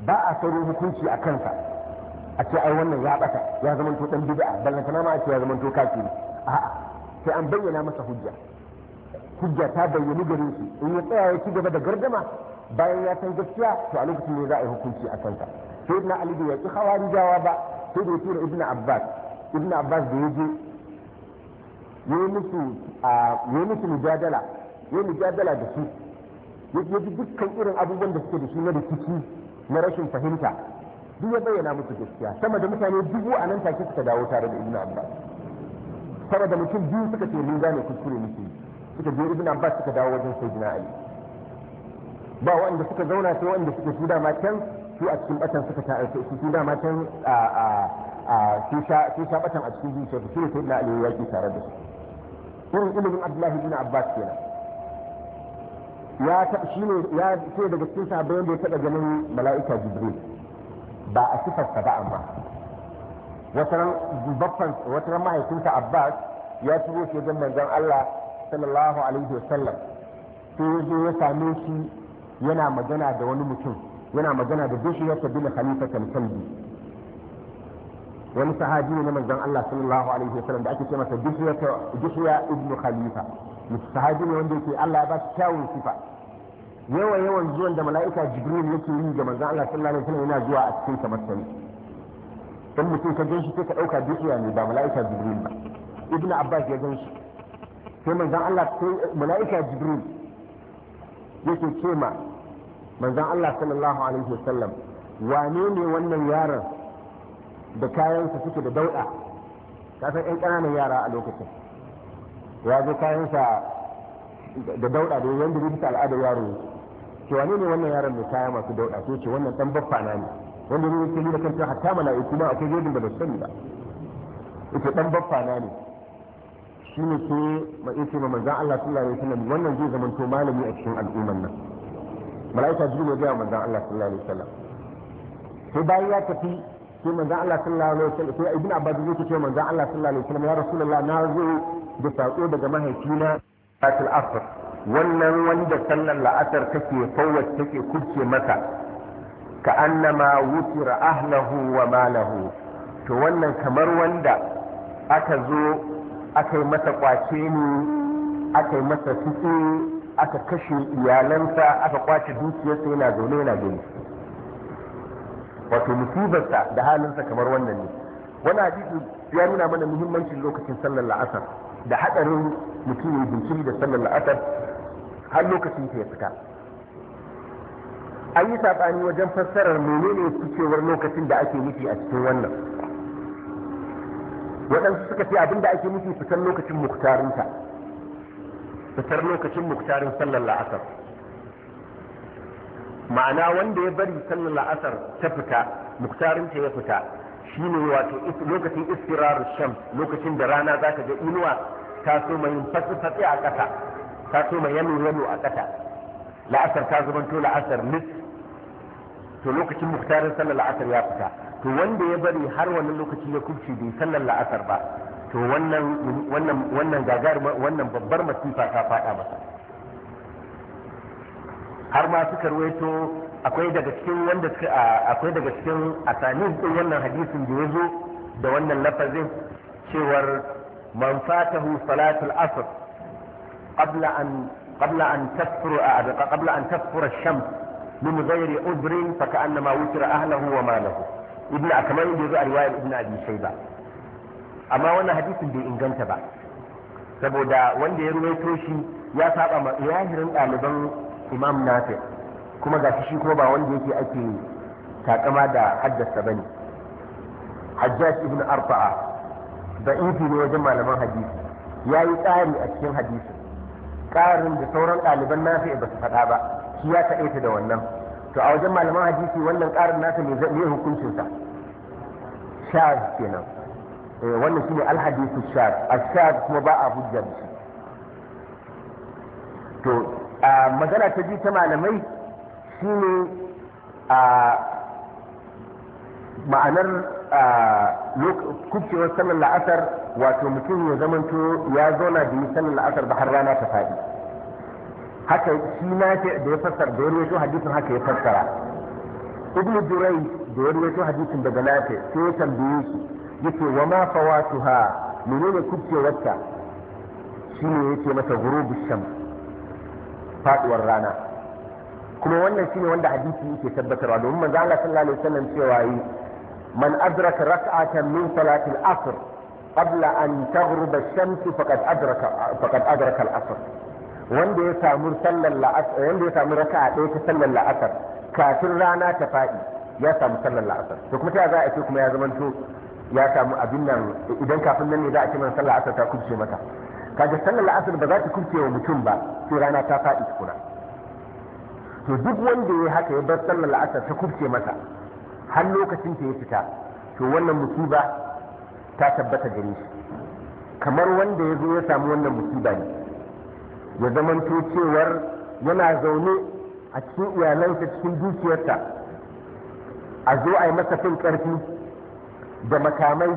ba a saurin hukunci a kansa a ce ai wannan ya ɓata ya zamanto dan bid'a ballantana ma a ce ya zamanto kafiri a'a sai an bayyana masa hujja hujja ta bayyana gare shi in ya tsaya ya ci gaba da gardama bayan ya san gaskiya to a lokacin ne za a yi hukunci a kanta sai na ali bai yaki hawarijawa ba sai da tura ibn abbas ibn abbas da ya yi musu a yi musu mujadala yi mujadala da su ya ji dukkan irin abubuwan da suke da shi na rikici na rashin fahimta duk ya bayyana musu gaskiya sama da mutane dubu a nan take suka dawo tare da ibn abbas sama da mutum biyu suka ce mun gane kuskure muke suka biyo ibn abbas suka dawo wajen sayyidina ali ba wanda suka zauna sai wanda suka su dama can su a cikin batan suka ta su su dama can a a su sha su sha batan a cikin zuciyar su sai sayyidina ali ya ki tare da su irin ilimin abdullahi ibn abbas kenan ya ta shi ne ya ce daga cikin sahabbai da ya taba ganin mala'ika jibril ba a sifarsa ba amma wataran babban wataran mahaifinsa abbas ya turo shi ga manzon allah sallallahu alaihi sallam sai ya zo ya same shi yana magana da wani mutum yana magana da bishiyarsa bin khalifa kalbi wani sahabi ne na manzon Allah sallallahu alaihi wa sallam da ake ce masa ya ibnu khalifa sahabi ne wanda yake Allah ya ba shi kyawun sifa yawan yawan zuwan da mala'ika jibril yake yi ga manzon Allah sallallahu alaihi sallam yana zuwa a cikin kamar masani dan mutum ka gan shi sai ka dauka bishiya ne ba mala'ika jibril ba ibnu abbas ya gan shi sai manzan Allah mala'ika jibril yake ce ma manzan Allah sallallahu alaihi wasallam wane ne wannan yaron da kayansa suke da dauɗa kasan ɗan ƙananan yara a lokacin ya zo kayansa da dauɗa da yanda bisa al'adar yaro ce wane ne wannan yaron mai kaya masu dauɗa ko ce wannan dan baffa na ne wanda ne yake da kanta hatta mala'iku ma akwai gudun da ba sani ba yake dan baffa na ne shi ne ke mai ce ma manzan Allah sallallahu alaihi wasallam wannan zai zama to malami a cikin al'ummar nan mala'ika jibril ya ga manzan Allah sallallahu alaihi wasallam sai bayan ya tafi sai manzan Allah sallallahu alaihi wasallam sai ibnu abbas zai ce manzan Allah sallallahu alaihi wasallam ya rasulullah na zo da sako daga mahaifina fatil asr wannan wanda sallar la'asar take fawwace take kubce maka ka annama wutira ahlahu wa malahu to wannan kamar wanda aka zo aka yi masa kwace ne aka yi masa fito aka kashe iyalansa aka kwace dukiyarsa yana zaune yana gani wato musibarsa da halinsa kamar wannan ne wani hadisi ya nuna mana muhimmancin lokacin sallar la'asar da hadarin mutum ya jinkiri da sallar la'asar har lokacin ta ya fita an yi saɓani wajen fassarar menene ficewar lokacin da ake nufi a cikin wannan waɗansu suka fi abin da ake nufi fitar lokacin muktarinta fitar lokacin muktarin sallar la'asar ma'ana wanda ya bari sallar la'asar ta fita muktarinta ya fita shine wato lokacin istirar sham lokacin da rana za ka ga inuwa ta so mai fatsi-fatsi a ƙasa ta so mai yano-yano a ƙasa la'asar ta zubanto la'asar nis to lokacin muktarin sallar la'asar ya fita to wanda ya bari har wannan lokaci ya kubce bai sallar la'asar ba to wannan wannan gagar wannan babbar masifa ta fada masa har ma suka ruwaito akwai daga cikin wanda akwai daga cikin asanin din wannan hadisin da yazo da wannan lafazin cewar man fatahu salatul asr qabla an qabla an tasfura qabla an tasfura ash-shams min ghairi udrin fa ka'annama wutira ahlihi wa malahu ibn kamar yadda ya zo a riwayar ibn abi shayba amma wannan hadisin bai inganta ba saboda wanda ya ruwaito shi ya saba ma yahirin ɗaliban imam nafi kuma ga shi kuma ba wanda yake ake takama da haddasa bane hajjaj ibn arfa'a da infi ne wajen malaman hadisi ya yi tsari a cikin hadisin ƙarin da sauran ɗaliban nafi ba su faɗa ba shi ya ta da wannan to a wajen malaman hadisi wannan ƙarin nasa ne hukuncin sa shaz kenan eh, wannan shine alhadisu shaz ashaz kuma ba a hujjar shi to magana ta ji ta malamai shine a ma'anar kubcewar sallar la'asar wato mutum ya zamanto ya zauna da yi sallar la'asar da har rana ta faɗi haka shi na ce da ya fassara da ya rawaito hadisin haka ya fassara ibn durai da ya rawaito hadisin daga nafi sai ya tambaye shi yace wa ma fawatuha menene shi ne yake masa gurubu sham faduwar rana kuma wannan shi ne wanda hadisi yake tabbatarwa domin manzo Allah sallallahu alaihi wasallam cewa yi man adraka rak'atan min salati al-asr qabla an taghrub ash-shams faqad adraka faqad adraka al-asr wanda ya samu sallar la'asar wanda ya samu raka'a ɗaya ta sallar la'asar kafin rana ta faɗi ya samu sallar la'asar to kuma ta za a ce kuma ya zamanto ya samu abin nan idan kafin nan ne za a ce mana sallar la'asar ta kubce mata kaga sallar la'asar ba za ta kubce wa mutum ba sai rana ta faɗi tukuna to duk wanda ya haka ya bar sallar la'asar ta kubce masa har lokacin ta ya fita to wannan musiba ta tabbata gare shi kamar wanda ya zo ya samu wannan musiba ne ya zamanto cewar yana zaune a cikin iyalansa cikin dukiyarsa a zo a yi masa fin ƙarfi da makamai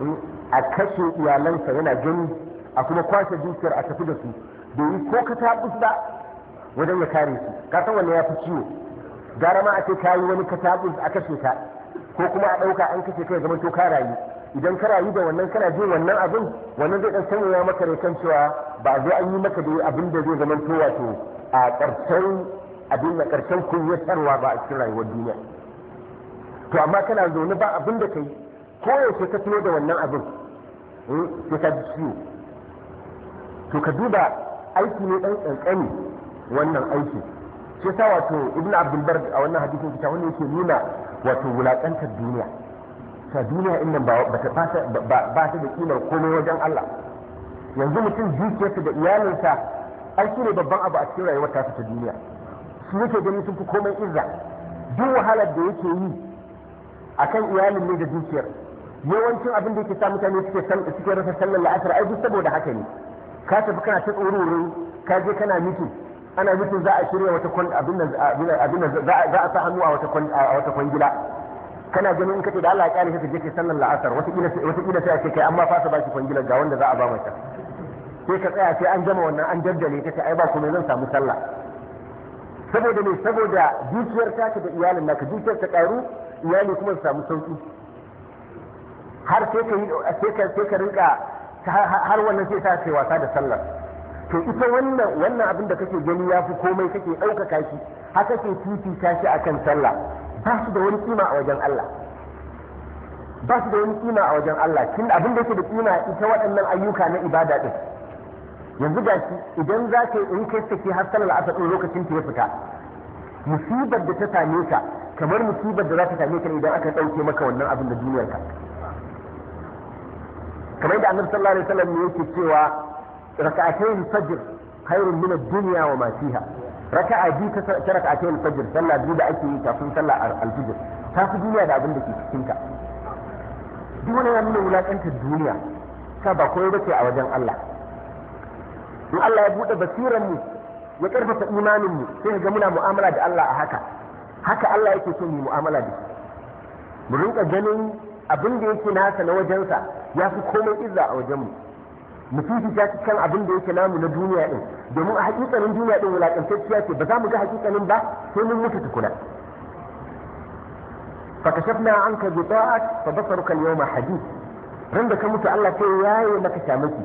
eh, a kashe iyalansa yana gani a kuma kwashe dukiyar a tafi da su domin ko ka taɓus da wajen ya kare su kasan san wanne ya fi ciwo gara ma a ce kayi wani ka taɓus a kashe ka ko kuma a ɗauka an kashe ka ya zama to ka rayu idan ka rayu da wannan kana jin wannan abin wannan zai dan sanya maka kan cewa ba zai an yi maka da abin da zai zama to wato a ƙarshen abin na ƙarshen kunyatarwa ba a cikin rayuwar duniya to amma kana zaune ba abin da kai ko yaushe ka tuno da wannan abin eh, sai ka ji ciwo to ka duba aiki ne dan kankani wannan aiki shi yasa wato ibnu abdul a wannan hadisin kitabun yake nuna wato wulakantar duniya ta duniya in nan ba ta da kimar komai wajen Allah yanzu mutum dukiyarsa da iyalinsa ai shi ne babban abu a cikin rayuwar tasa ta duniya su yake ganin sun fi komai izza duk wahalar da yake yi akan iyalin ne da dukiyar yawancin abin da yake sa mutane suke san suke rasa sallar la'asar ai duk saboda haka ne ka tafi kana ta tsoro ka je kana miki ana mutum za a shirya wata abin da za a sa hannu a wata kwangila kana ganin kace da Allah ya kyale ka je kai sallar la'asar wata kila wata kila sai a ce kai amma fa su baki kwangila ga wanda za a ba ta sai ka tsaya sai an jama wannan an daddale kace ai ba ku mai zan samu sallah saboda ne saboda dukiyar taka da iyalin naka dukiyar ta karu iyali kuma su samu sauki har sai ka sai ka sai ka rinka har wannan sai ta ce wasa da sallar to ita wannan wannan abin da kake gani yafi komai kake ɗaukaka shi haka ke titi ta shi akan sallah ba su da wani kima a wajen Allah ba su da wani kima a wajen Allah kin abin da yake da kima ita waɗannan ayyuka na ibada din yanzu ga shi idan za ka yi in kai saki har sallar asar din lokacin ta ya fita musibar da ta same ka kamar musibar da za ta same ka idan aka ɗauke maka wannan abin da duniyar ka kamar da annabi sallallahu alaihi wasallam ne yake cewa rak'atayn fajr khairun min ad-dunya wa ma fiha raka'a biyu ta raka'a ta fajr sallah biyu da ake yi kafin sallah alfajr ta fi duniya da abin da ke cikin ka duk wani ya nuna wulakantar duniya ta ba ba bace a wajen Allah in Allah ya bude basiran mu ya karfafa imanin mu sai ga muna mu'amala da Allah a haka haka Allah yake so mu mu'amala da mu rinka ganin abin da yake nasa na wajensa ya fi komai izza a wajen mu mu fifita ta abin da yake namu na duniya din domin a hakikanin duniya din wulakantacciya ce ba za mu ga hakikanin ba sai mun mutu tukuna fakashafna anka bita'at fa basaruka al-yawma hadid ran da ka mutu Allah sai yaye maka shamaki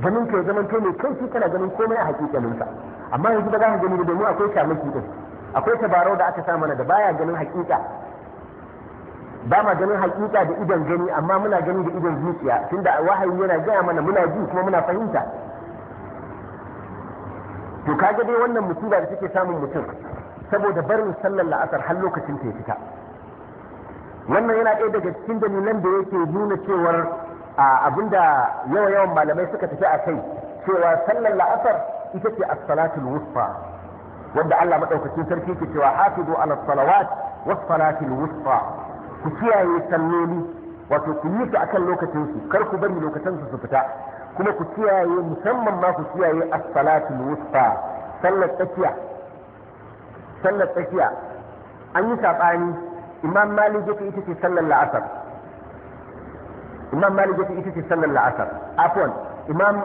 ganin ka zaman to mai kai kana ganin komai a hakikanin sa amma yanzu ba za ka gani domin akwai shamaki din akwai tabarau da aka sa mana da baya ganin hakika ba ma ganin hakika da idan gani amma muna gani da idan zuciya tunda wahayi yana gaya mana muna ji kuma muna fahimta to kaga dai wannan musiba da take samun mutum saboda barin sallar la'asar har lokacin ta fita wannan yana ɗaya daga cikin dalilan da yake nuna cewar abinda yawa yawan malamai suka tafi a kai cewa sallar la'asar ita ce as-salatul Wusfa, wanda Allah madaukakin sarki ke cewa hafizu ala salawat was salatul wusfa ku kiyaye salloli wato ku yi su a kan lokacinsu, kar ku bari lokacinsu su fita kuma ku kiyaye musamman ma ku kiyaye as-salatul wusta sallar tsakiya sallar tsakiya an yi sabani imam malik yake ita ce sallar la'asar imam malik yake ita ce sallar la'asar afwan imam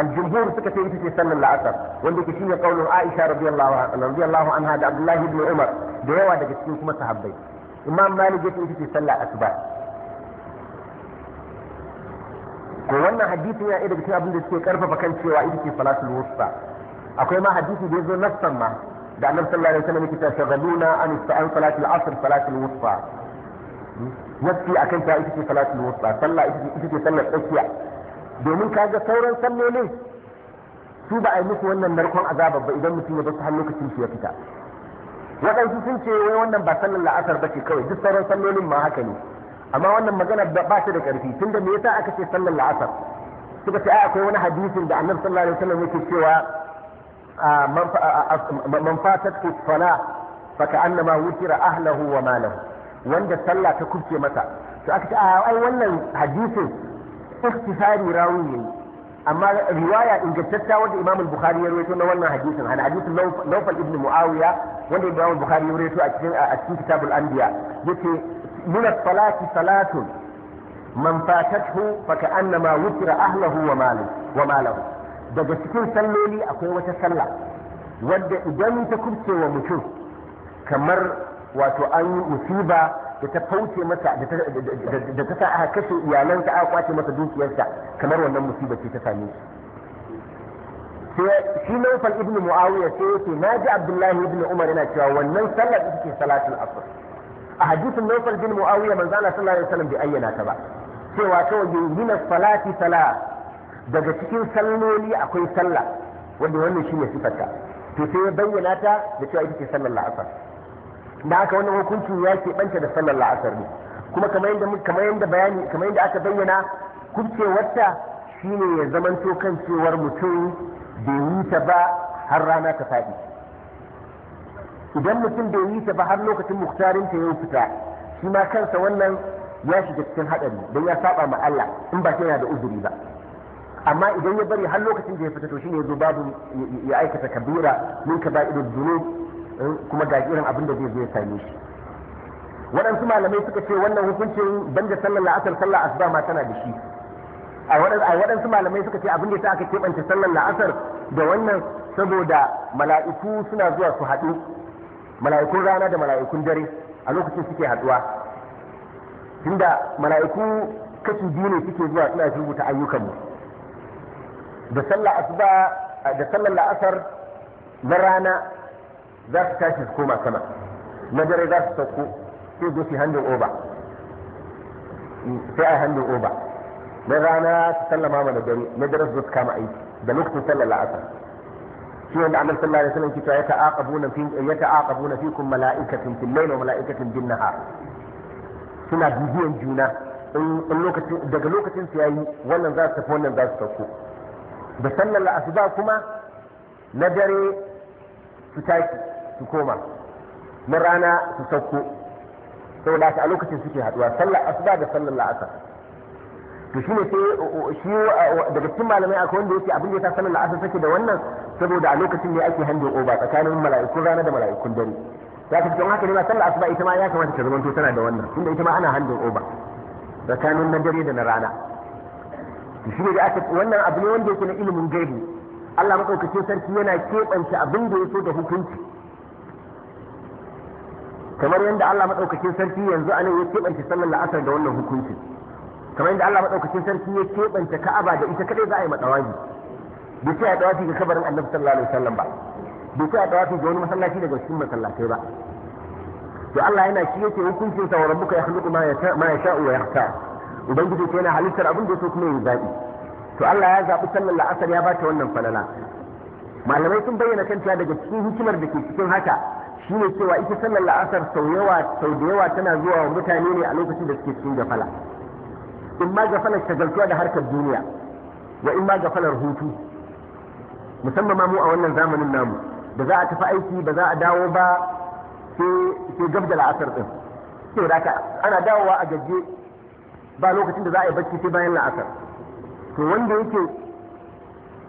al-jumhur suka ce ita ce sallar la'asar wanda ke shine kaulin aisha radiyallahu anha da abdullahi ibn umar da yawa daga cikin kuma sahabbai imam malik yake ita ce sallah asuba ko wannan hadisi ya daga cikin abin da suke karfafa kan cewa ita ce salatul wusta akwai ma hadisi da yazo nassan ma da annabi sallallahu alaihi wasallam yake ta shagaluna an ista'an salatul asr salatul wusta wasi akan ta ita ce salatul wusta sallah ita ce sallar tsakiya domin kaga sauran sallolin su ba a yi musu wannan narkon azaba ba idan mutum ya bar su har lokacin shi ya fita waɗansu sun ce wai wannan ba sallar la'asar ba ce kawai duk sauran sallolin ma haka ne amma wannan magana ba ta da ƙarfi da me yasa aka ce sallar la'asar suka ce ai akwai wani hadisin da annabi sallallahu alaihi wasallam yake cewa man fatat sala fa ka'annama wutira ahlahu wa malahu wanda sallah ta kubce masa to aka ce ai wannan hadisin ikhtisari rawi ne amma riwaya ingantacciya wanda Imam Bukhari ya rawaito na wannan hadisin hada hadisin Nawfal ibn Muawiya wanda Imam Bukhari ya rawaito a cikin a cikin Kitabul Anbiya yace min as-salati salatun man fatathu fa ka'annama wutira ahlihi wa malu wa malahu daga cikin salloli akwai wata sallah wadda idan ta kubce wa mutum kamar wato an yi musiba da ta fauce masa da ta sa aka kashe iyalansa aka kwace masa dukiyarsa kamar wannan musiba ce ta same shi sai shi naufal ibnu muawiya sai yake na ji abdullahi ibn umar yana cewa wannan sallar ita ce salatul asr a hadisin naufal bin muawiya manzo Allah sallallahu alaihi wasallam bai ayyana ta ba cewa kawai min salati sala daga cikin salloli akwai sallah wanda wannan shi ne sifarta to sai ya bayyana ta da cewa ita ce sallar la'asar da haka wannan hukuncin ya ke banta da sallar la'asar ne kuma kamar yadda kamar yadda bayani kamar yadda aka bayyana kubcewarta shine ya zamanto kan cewar mutum bai yi ta ba har rana ta faɗi idan mutum bai yi ta ba har lokacin muktarin ta ya fita shi ma kansa wannan ya shiga cikin haɗari don ya saba ma Allah in ba yana da uzuri ba amma idan ya bari har lokacin da ya fita to shine ya zo babu ya aikata kabira min kaba'irud dunub kuma ga irin abin da zai zo ya same shi waɗansu malamai suka ce wannan hukuncin banda sallar la'asar sallar asuba ma tana da shi a waɗansu malamai suka ce abin da ya aka keɓance sallar la'asar da wannan saboda mala'iku suna zuwa su haɗu mala'ikun rana da mala'ikun dare a lokacin suke haɗuwa tunda mala'iku kashi biyu ne suke zuwa suna rubuta ayyukanmu da sallar asuba da sallar la'asar na rana za su tashi su koma sama na dare za su sauko sai zo su handin oba sai a handin oba na rana su sallama mana dare na dare su zo su kama aiki da lokacin sallar la'asar shi wanda annabi sallallahu alaihi wasallam cewa ya ta'aqabuna fi ya ta'aqabuna fikum mala'ikatun fil layli wa mala'ikatun bin nahar suna bibiyan juna daga lokacin su yayi wannan za su tafi wannan za su sauko da sallar ba kuma na dare su tashi su koma na rana su sauko saboda a lokacin suke haduwa sallar asuba da sallar la'asar to shi ne sai shi daga cikin malamai akwai wanda yake abin da ya sa sallar la'asar take da wannan saboda a lokacin ne ake hanjin oba tsakanin mala'ikun rana da mala'ikun dare za ka cikin haka ne ma sallar asuba ita ma ya kamata ta zamanto tana da wannan tunda ita ma ana hanjin oba tsakanin na dare da na rana shi ne da aka wannan abu ne wanda yake na ilimin gaibi Allah madaukakin sarki yana keɓance abin da ya so da hukunci kamar yadda Allah madaukakin sarki yanzu anan ya keɓance sallar la'asar da wannan hukuncin kamar yadda Allah madaukakin sarki ya keɓance Ka'aba da ita kadai za a yi matsawaji bai sai a dawafi ga kabarin Annabi sallallahu alaihi wasallam ba bai sai a dawafi ga wani masallaci daga cikin masallatai ba to Allah yana shi yake hukuncin sa wa rabbuka yakhluqu ma yasha ma yasha wa yakhtar ubangiji yana halittar abin da yake kuma ya zabi to Allah ya zabi sallar la'asar ya bata wannan falala malamai sun bayyana kan cewa daga cikin hikimar da ke cikin haka shi ne cewa ita sallar la'asar sau yawa sau da yawa tana zuwa wa mutane ne a lokacin da suke cikin gafala in ma gafalar shagaltuwa da harkar duniya wa in ma gafalar hutu musamman ma mu a wannan zamanin namu da za a tafi aiki ba za a dawo ba sai gab da la'asar din sai da ana dawowa a gaje ba lokacin da za a yi bacci sai bayan la'asar to wanda yake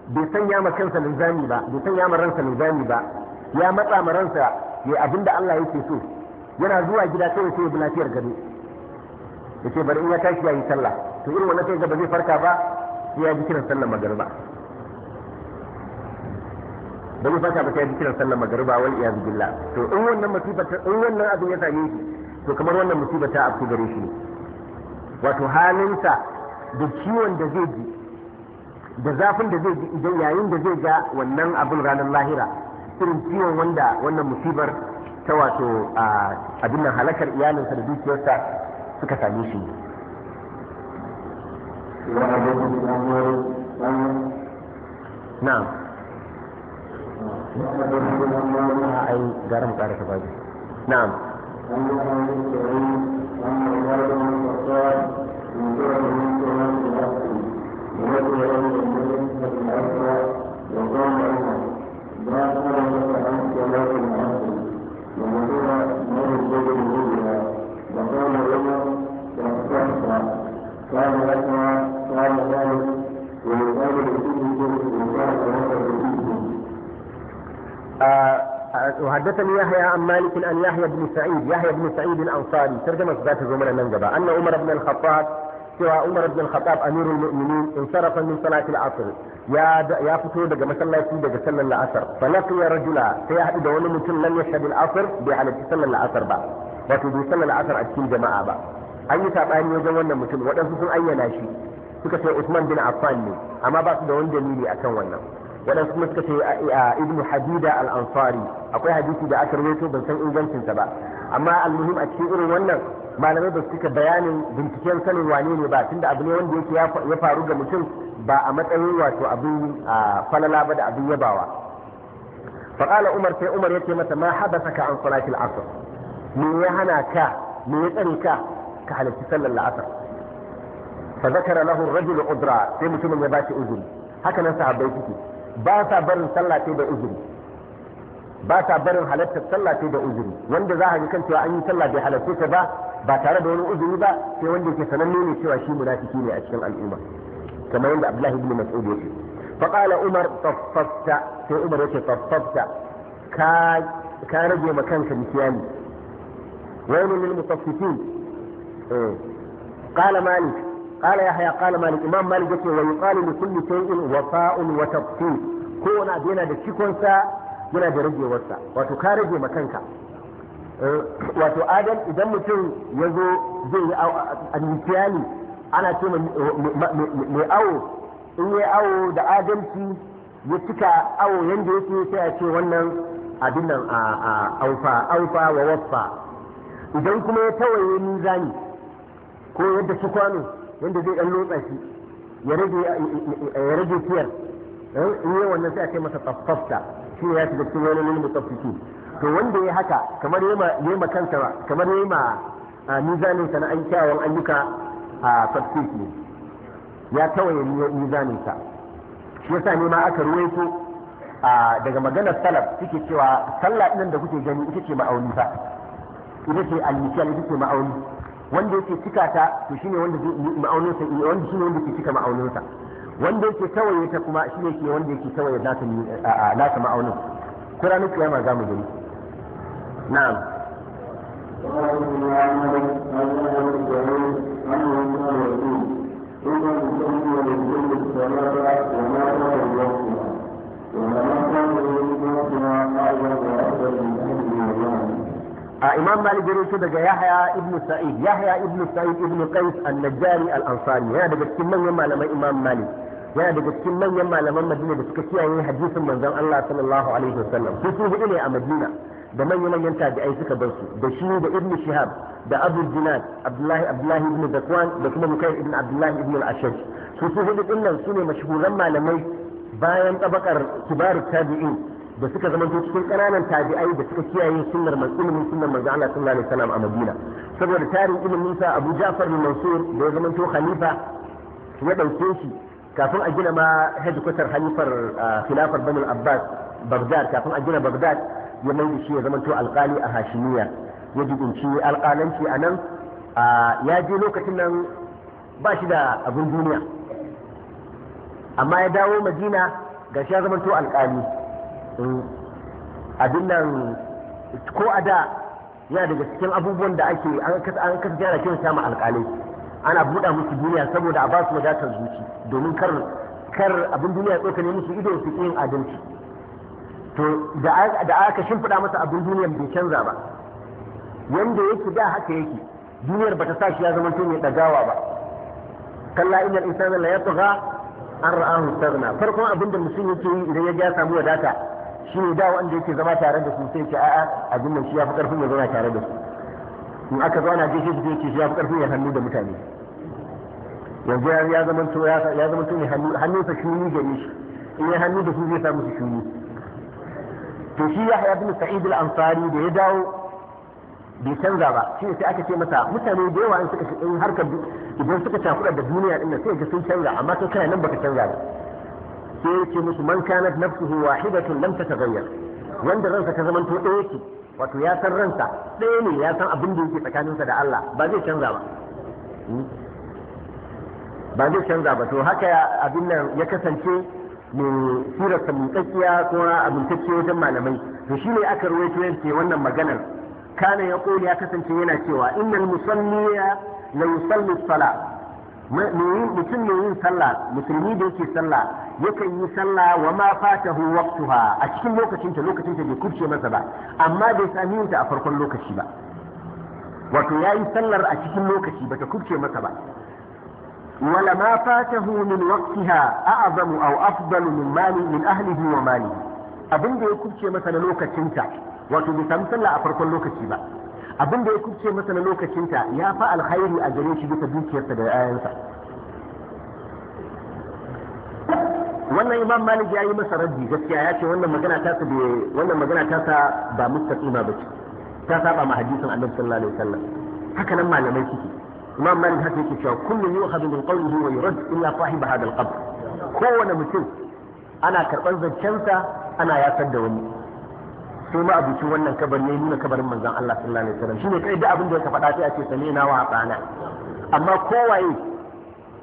bai sanya ma kansa linzami ba bai sanya ma ransa linzami ba ya matsa ma ransa ya abinda Allah yake so yana zuwa gida sai sai bi lafiyar gado yace bari in ya tashi ya yi sallah to irin wannan sai ga ba zai farka ba sai ya ji kiran sallar magariba ba zai farka ba sai ya ji kiran sallar magariba wal iyad billah to in wannan musibar in wannan abin ya same shi to kamar wannan musibar ta afku gare shi wato halinsa da ciwon da zai ji da zafin da zai ji idan yayin da zai ga wannan abin ranar lahira irin ciwon wanda wannan musibar ta wato abin nan halakar iyalinsa da dukiyarsa suka same shi na'am ai وحدثني يحيى عن مالك ان يحيى بن سعيد يحيى بن سعيد الانصاري ترجمه ذات الزمن المنجبه ان عمر بن الخطاب cewa Umar ibn Khattab Amirul Mu'minin in sarafa min salati al-asr ya ya fito daga masallaci daga sallar al-asr fa laqiya rajula sai ya hadu da wani mutum lam yashhad al-asr bi halatti sallar al-asr ba wato bi sallar al-asr a cikin jama'a ba an yi sabani wajen wannan mutum wadansu sun ayyana shi suka ce Usman bin Affan ne amma ba su da wani dalili akan wannan waɗansu kuma suka ce ibn hadida al-ansari akwai hadisi da aka rawaito ban san ingancinsa ba amma al-muhim a cikin irin wannan malamai ba su cika bayanin binciken sanin wane ne ba tunda abu ne wanda yake ya faru ga mutum ba a matsayin wato abin falala ba da abin yabawa faqala umar sai umar yake masa ma habasaka an salati al-asr me ya hana ka me ya tsare ka ka halarci sallar al-asr fa zakara lahu ar-rajul udra sai mutumin ya bashi uzuri haka nan sahabbai suke ba sa barin sallah sai da uzuri ba sa barin halartar sallah sai da uzuri wanda za a ga kan cewa an yi sallah bai halarce ta ba ba tare da wani uzuri ba sai wanda yake sananne ne cewa shi munafiki ne a cikin al'umma kamar yadda Abdullahi ibn Mas'ud yake fa qala Umar taffafta sai Umar yake taffafta ka ka rage ma kanka misali wailul lil mutaffifin eh. qala Malik قال يحيى قال مالك إمام مالك يقول ويقال لكل شيء وفاء وتبطيل كون أبينا دشكونسا yana da rage wasa wato ka rage makanka wato adam idan mutum ya zo zai yi almisiyali ana ce mai awo in yi awo da adalci ya cika awo yadda yake sai a ce wannan abin nan a aufa aufa wa waffa idan kuma ya tawaye ni mizani ko yadda su kwano wanda zai dan lotsa shi ya rage ya rage eh, in wannan sai a ce masa tsaffafta shi ya shiga cikin wani lil mutaffiki to wanda ya haka kamar ya yema kansa kamar ya yi yema ah, mizanin sa na aikawan ayyuka a ah, tafsir ne ya tawaye mizanin sa shi yasa ne ma aka ruwaito ah, daga maganar salaf suke cewa sallah ɗin da kuke gani ita ce ma'auni fa ita ce al ita ce ma'auni wanda yake cika ta to shine wanda ma'auninsa wanda shine wanda yake cika ma'auninsa wanda yake tawaye ta kuma shine ke wanda yake tawaye nasa nasa ma'aunin ko ranar kiyama za mu gani na'am وما كان يريد ربنا حاجه وعبد من اهل a imam malik ya rawaito daga Yahaya ibnu sa'id Yahaya ibnu sa'id ibnu qais an-najjari al-ansari yana daga cikin manyan malaman imam malik yana da cikin manyan malaman madina da suka kiyaye hadisin manzon Allah sallallahu alaihi wasallam su hudu ne a madina da manyan manyan tabi'ai suka bar su da shi da ibnu shihab da abu dinar abdullahi abdullahi ibnu da kuma mukayr ibn abdullahi ibn al-ashaj su su hudu dinnan su ne mashhuran malamai bayan tabakar kibar tabi'in da suka zama cikin ƙananan tabi'ai da suka kiyaye sunnar man ilimin sunnar manzo Allah sallallahu alaihi wasallam a Madina saboda tarin ilimin sa Abu Ja'far bin Mansur da ya zama to khalifa ya dauke shi kafin a gina ma hedikwatar khalifar khilafar Banu Abbas Baghdad kafin a gina Baghdad ya mai da shi ya zama to alƙali a Hashimiyya ya dubunci alƙalanci a nan ya je lokacin nan ba shi da abin duniya amma ya dawo Madina ga shi ya zama to alƙali Eh, abin nan ko a da yana daga cikin abubuwan da ake an kasa gyara kin sama alƙalai ana buɗa musu duniya saboda a ba su wadatar zuci domin kar kar abin duniya tsokane musu ido su yin adalci to da aka shimfiɗa masa abin duniyar bai canza ba yanda yake da haka yake duniyar bata sa shi ya zama mai ɗagawa ba kalla inna insana la yatgha an ra'ahu farkon abin da musulmi yake yi idan ya ga samu wadata shi ne da wanda yake zama tare da su sai ce a'a abin nan shi ya fi karfin ya zama tare da su in aka zauna gaishe shi zai ce shi ya fi karfin ya hannu da mutane yanzu ya zama to ya zama to ne hannunsa shuni gare shi in ya hannu da su zai samu su shuni to shi ya haya bin sa'id al-ansari da ya dawo bai canza ba shi sai aka ce masa mutane da yawa in suka in harkar idan suka tafi da duniya din sai ga sun canza amma kai kana nan baka canza ba sai yake musu man kanat nafsuhu wahidatun lam tataghayyar wanda ransa ta zamanto ɗaya ce wato ya san ransa ɗaya ne ya san abin da yake tsakaninsa da Allah ba zai canza ba hmm? ba zai canza ba to haka abin nan ya kasance mai sirar samuntakkiya ko abuntacce wajen malamai to shi ne aka rawaito yake wannan maganar kana ya ya kasance yana cewa innal musalliya la yusalli sala mutum ne yin sallah musulmi da yake sallah yakan yi sallah wa ma fatahu waqtuha a cikin lokacinta lokacinta bai kubce masa ba amma bai sami yin ta a farkon lokaci ba wato ya yi sallar a cikin lokaci bata kubce masa ba wala ma fatahu min waqtiha a'zamu aw afdalu min mali min ahlihi wa mali. abin da ya kubce masa na lokacinta wato bai sami sallah a farkon lokaci ba abin da ya kuce masa na lokacinta ya fa alkhairi a gare shi bisa dukiyarsa da 'ya'yansa wannan imam malik ya yi masa raddi gaskiya ya ce wannan magana ta sa wannan magana ta sa ba mustaqima ba ce ta saba ma hadisin annabi sallallahu alaihi wasallam haka nan malamai suke imam malik haka yake cewa kullun yu'khadhu min qawlihi wa yurad illa sahib hadha al-qabr kowane mutum ana karban zancensa ana yasar da wani sai ma abuci wannan kabar ne nuna kabarin manzon Allah sallallahu alaihi wasallam shine kai da abin da ya faɗa sai a ce same na wa tsana amma kowaye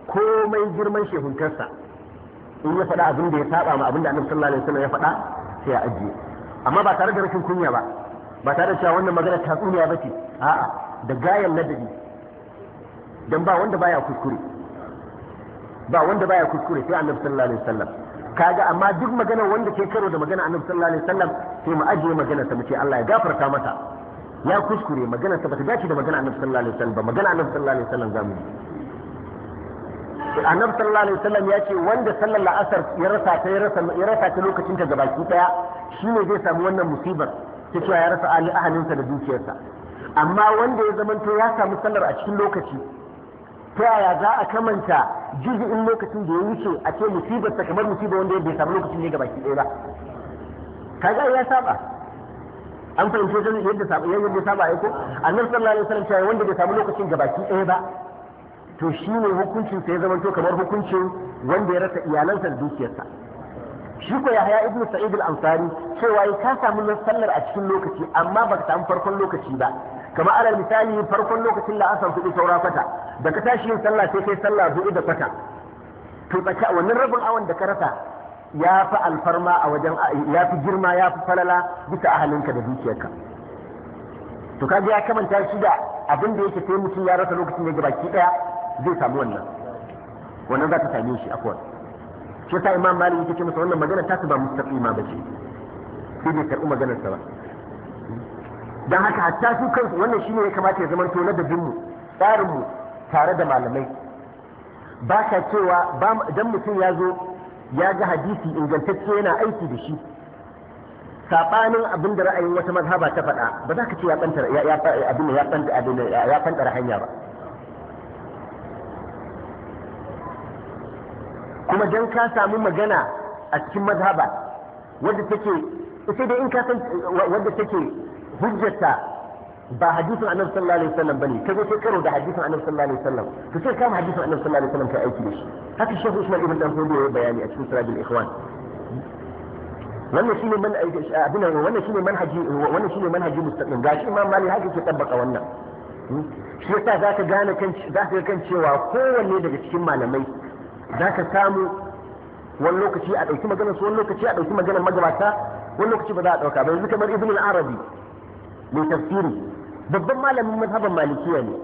komai girman shehuntarsa in ya faɗa abin da ya saba ma abin da annabi sallallahu alaihi wasallam ya faɗa sai ya ajiye amma ba tare da rashin kunya ba ba tare da cewa wannan magana tatsuniya tsuniya bace a'a da gayan ladabi dan ba wanda baya kuskure ba wanda baya kuskure sai annabi sallallahu alaihi wasallam kaga amma duk magana wanda ke karo da magana annabi sallallahu alaihi wasallam sai mu ajiye magana ta mu ce Allah ya gafarta masa ya kuskure magana ta bata dace da magana annabi sallallahu alaihi wasallam ba magana annabi sallallahu alaihi wasallam zamu yi annabi sallallahu alaihi wasallam ya ce wanda sallar la'asar ya rasa ta ya rasa ta lokacin ta gabaki daya shine zai samu wannan musibar ta cewa ya rasa ahalinsa da dukiyarsa amma wanda ya zamanto ya samu sallar a cikin lokaci ta yaya za a kamanta juzu'in lokacin da ya wuce a ce musibar ta kamar musibar wanda ya bai samu lokacin ne ga baki ɗaya ba kaga ya saba an fahimci sun yadda saba yadda saba ya ko annabi sallallahu alaihi wasallam cewa wanda bai samu lokacin ga baki ɗaya ba to shi ne hukuncin sa ya to kamar hukuncin wanda ya rasa iyalansa da dukiyarsa shi ko Yahaya ibn Sa'id al-Ansari cewa ya ka samu sallar a cikin lokaci amma ba ka samu farkon lokaci ba kamar alal misali farkon lokacin da asar kuɗi saura kwata da ka tashi yin sallah sai kai sallah zuɗi da kwata to tsaka wannan rabin awan da ka rasa ya fi alfarma a wajen ya fi girma ya fi falala bisa ahalinka da dukiyarka to kaga ya kamanta shi da abin da yake sai mutum ya rasa lokacin da gabaki daya zai samu wannan wannan za ta same shi akwai shi yasa imam malik yake ce masa wannan magana ta ba mustaqima ce sai bai karɓi maganar sa ba don haka hatta su kansu wannan shine ya kamata ya zama tona na dabinmu tsarinmu tare da malamai ba ka cewa dan mutum ya zo ya ga hadisi ingantacce yana aiki da shi sabanin abin da ra'ayin wata mazhaba ta faɗa ba za ka ce ya hanya ba kuma don ka samu magana a cikin mazhaba wadda take sai dai in ka san wadda take hujjata ba hadisin annabi sallallahu alaihi wasallam bane ka zo kai karo da hadisin annabi sallallahu alaihi wasallam to sai kama hadisin annabi sallallahu alaihi wasallam kai aiki da shi haka shehu Usman ibn Dan Hudu ya bayani a cikin Sirajul Ikhwan wannan shine man abin wannan shine manhaji wannan shine manhaji mustaqim gashi Imam Malik haka ke tabbaka wannan shi yasa zaka gane kan zaka ga kan cewa kowanne daga cikin malamai zaka samu wani lokaci a ɗauki maganar su wani lokaci a ɗauki maganar magabata wani lokaci ba za a ɗauka ba yanzu kamar Ibn al-Arabi mai tafsiri babban malamin mazhaban malikiya ne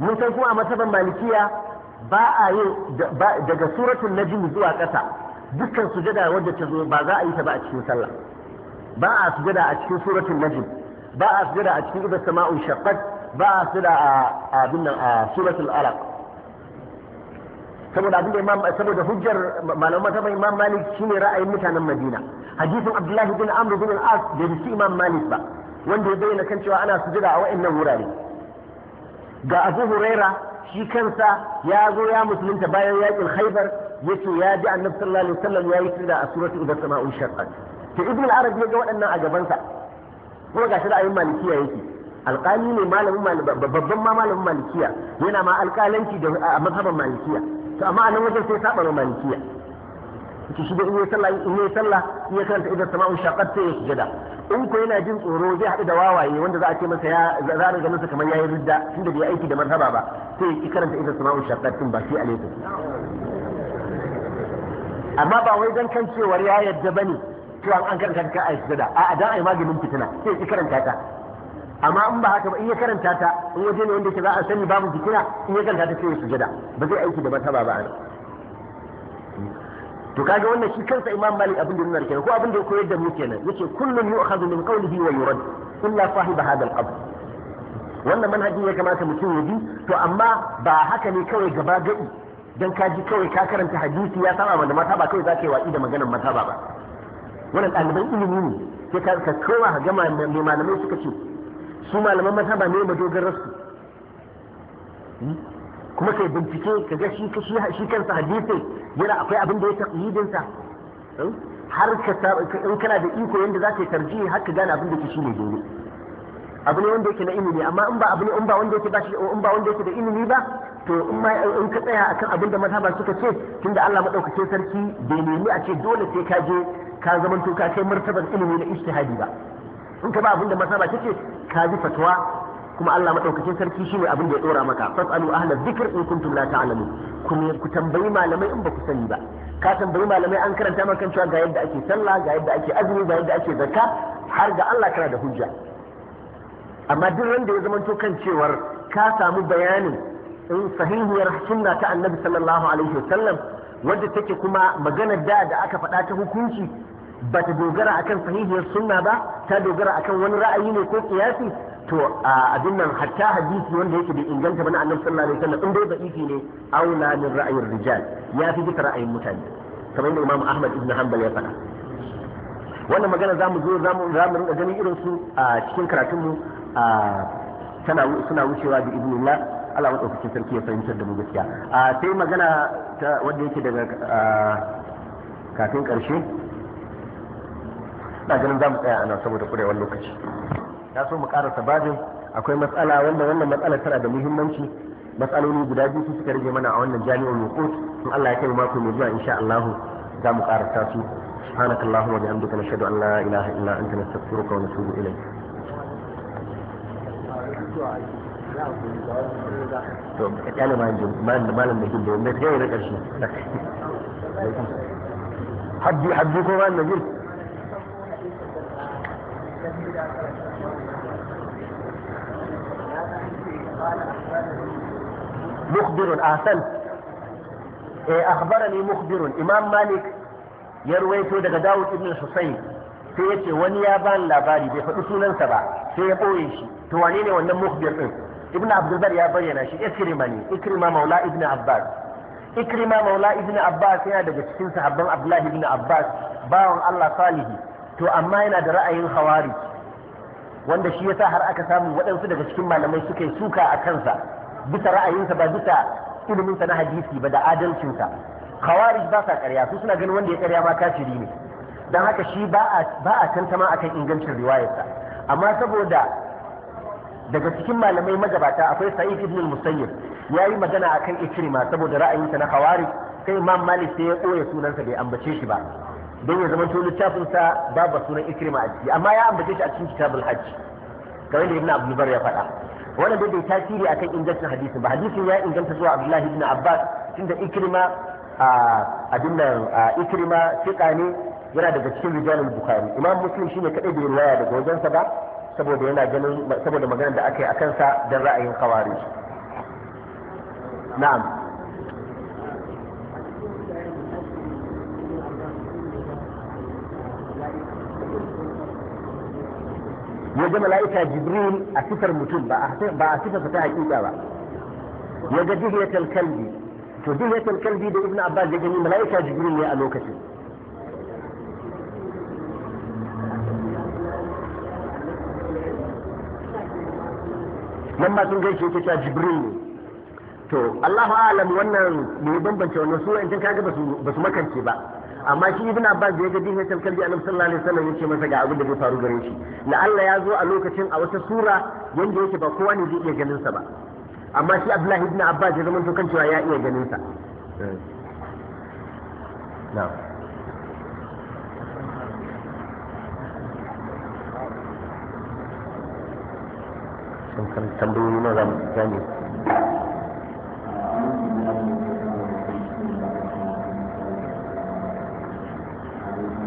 mun san kuma a mazhaban malikiya ba a yi daga suratul najm zuwa ƙasa dukkan sujada wadda ta zo ba za a yi ta ba a cikin sallah ba a sujada a cikin suratul najm ba a sujada a cikin idan sama'un shaqqat ba a sujada a abin nan a suratul alaq saboda abin da imam saboda hujjar malaman mazhabin imam malik shine ra'ayin mutanen madina hadisin abdullahi bin amr bin al-as da bi imam malik ba wanda ya bayyana kan cewa ana jira a wa'annan wurare ga abu huraira shi kansa ya zo ya musulunta bayan yakin khaybar yace ya ji annabi sallallahu alaihi wasallam ya yi sujada a suratul idza sama'u shaqqat to ibn al-arab ya ga waɗannan a gabansa kuma ga shi ra'ayin malikiya yake alƙali ne malamin babban ma malamin malikiya yana ma alƙalanci da mazhaban malikiya to amma a nan wajen sai saba ma malikiya ki shi da in yi sallah in yi sallah in ya karanta idan sama'u shaqat sai ya sujada in ko yana jin tsoro zai haɗu da wawaye wanda za a ce masa ya za a ga masa kamar yayi ridda tunda bai aiki da marhaba ba sai ki karanta idan sama'u shaqat tun ba sai alaikum amma ba wai dan kan cewar ya yadda bane cewa an karanta ka a sujada a'a dan ai maganin fitina sai ki karanta ta amma in ba haka ba in ya karanta ta in waje ne wanda ke za a sani babu fitina in ya karanta ta sai ya sujada ba zai aiki da mata ba ba to kaga wannan shi kansa imam malik abin da nuna kenan ko abin da ya koyar da mu kenan yace kullun yu'khadhu min qawlihi wa yurad illa sahib hada al-qabr wannan manhaji ya kamata mutum ya bi to amma ba haka ne kawai gaba gadi dan ka ji kawai ka karanta hadisi ya saba da mata ba kawai za ka yi wa'i da maganar mata ba wannan ɗaliban ilimi ne sai ka koma ga malamai suka ce su malaman mazhaba ne madogararsu hmm? kuma kai bincike ka ga shi shi kansa hadisi yana akwai abin da ya taqyidin sa hmm? har ka in kana da iko yanda zaka yi tarjihi har ka gane abin da ke shi ne dole abu ne wanda yake na ilimi amma in ba abu ne in ba wanda yake bashi in ba wanda yake da ilimi ba to in ma in ka tsaya akan abin da mazhaba suka ce tunda Allah madaukake sarki bai nemi a ce dole sai ka je ka zamanto ka kai martaban ilimi na ijtihadi ba in ka ba abin da mazhaba take ka ji fatwa kuma Allah madaukakin sarki shine abin da ya dora maka fasalu ahla dhikr in kuntum la ta'lamun kuma ku tambayi malamai in ba ku sani ba ka tambayi malamai an karanta maka cewa ga yadda ake sallah ga yadda ake azumi ga yadda ake zakka har ga Allah kana da hujja amma duk wanda ya zamanto kan cewar ka samu bayanin in sahihiyar sunna ta annabi sallallahu alaihi wasallam wadda take kuma maganar da da aka faɗa ta hukunci ba ta dogara a kan sahihiyar sunna ba ta dogara a kan wani ra'ayi ne ko kiyasi to abin nan hatta hadisi wanda yake da inganta ba na annabi sallallahu alaihi wasallam in dai ne aula min ra'ayin rijal ya fi jika ra'ayin mutane kamar yadda imamu ahmad ibn hanbal ya faɗa wannan magana za mu zo za mu rinka ganin irin su a cikin karatunmu suna wucewa da ibnillah Allah maɗaukakin sarki ya fahimtar da mu gaskiya sai magana ta wanda yake daga kafin karshe na ganin za mu tsaya nan saboda kurewar lokaci na so mu karasa babin akwai matsala wanda wannan matsala tana da muhimmanci matsaloli guda biyu su suka rage mana a wannan jami'ar yukut in Allah ya kai mako mai zuwa insha Allah za mu karasa su سبحانك اللهم وبحمدك نشهد ان لا اله الا انت نستغفرك ونتوب اليك to ka kyale ma yanzu malam da jin مخبر أحسن أخبرني مخبر إمام مالك يرويته daga داود ابن الحسين sai ya ce wani ya bani labari bai faɗi sunansa ba sai ya ɓoye shi to wane ne wannan mukhbir ɗin? ibnu abdulbar ya bayyana shi ikrima ne ikrima maula ibnu abbas ikrima maula ibnu abbas yana daga cikin sahabban abdullahi ibnu abbas bawan allah salihi to amma yana da ra'ayin hawari wanda shi yasa har aka samu waɗansu daga cikin malamai suka yi suka a kansa bisa ra'ayinsa ba bisa iliminsa na hadisi ba da adalcinsa khawarij ba sa ƙarya su suna ganin wanda ya ƙarya ma kafiri ne don haka shi ba a ba a tantama akan ingancin riwayarsa amma saboda daga cikin malamai magabata akwai sa'id ibn musayyib yayi magana akan ikrima saboda ra'ayinsa na khawarij sai imam malik sai ya ɓoye sunansa bai ambace shi ba don ya zama to sa babu sunan ikrima a ciki amma ya ambace shi a cikin kitabul hajj kamar da ibn abdul bar ya faɗa wannan bai bai tasiri akan ingancin hadisin ba hadisin ya inganta zuwa abdullahi ibn abbas tunda ikrima abin nan ikrima fiqa ne yana daga cikin rijalul bukhari imam muslim shine kadai bai riwaya daga wajensa ba saboda yana ganin saboda maganar da aka yi a kansa don ra'ayin khawarij na'am ya ga mala'ika jibril a sifar mutum ba a sifar ta hakika ba ya ga dihiyatul kalbi to dihiyatul kalbi da ibnu abbas ya gani mala'ika jibril ne a lokacin nan ba sun gaishe ta jibril ne to Allahu alam wannan ne bambance wannan su in kaga ba su makance ba amma shi ibn abbas da ya ga dihin tamkar annabi sallallahu alaihi wasallam yace masa ga abin da zai faru gare shi la Allah ya zo a lokacin a wata sura yanda yake ba kowa ne zai iya ganin sa ba amma shi abdullahi ibn abbas ya zama kan cewa ya iya ganin sa na'am kan tambayoyi na zamu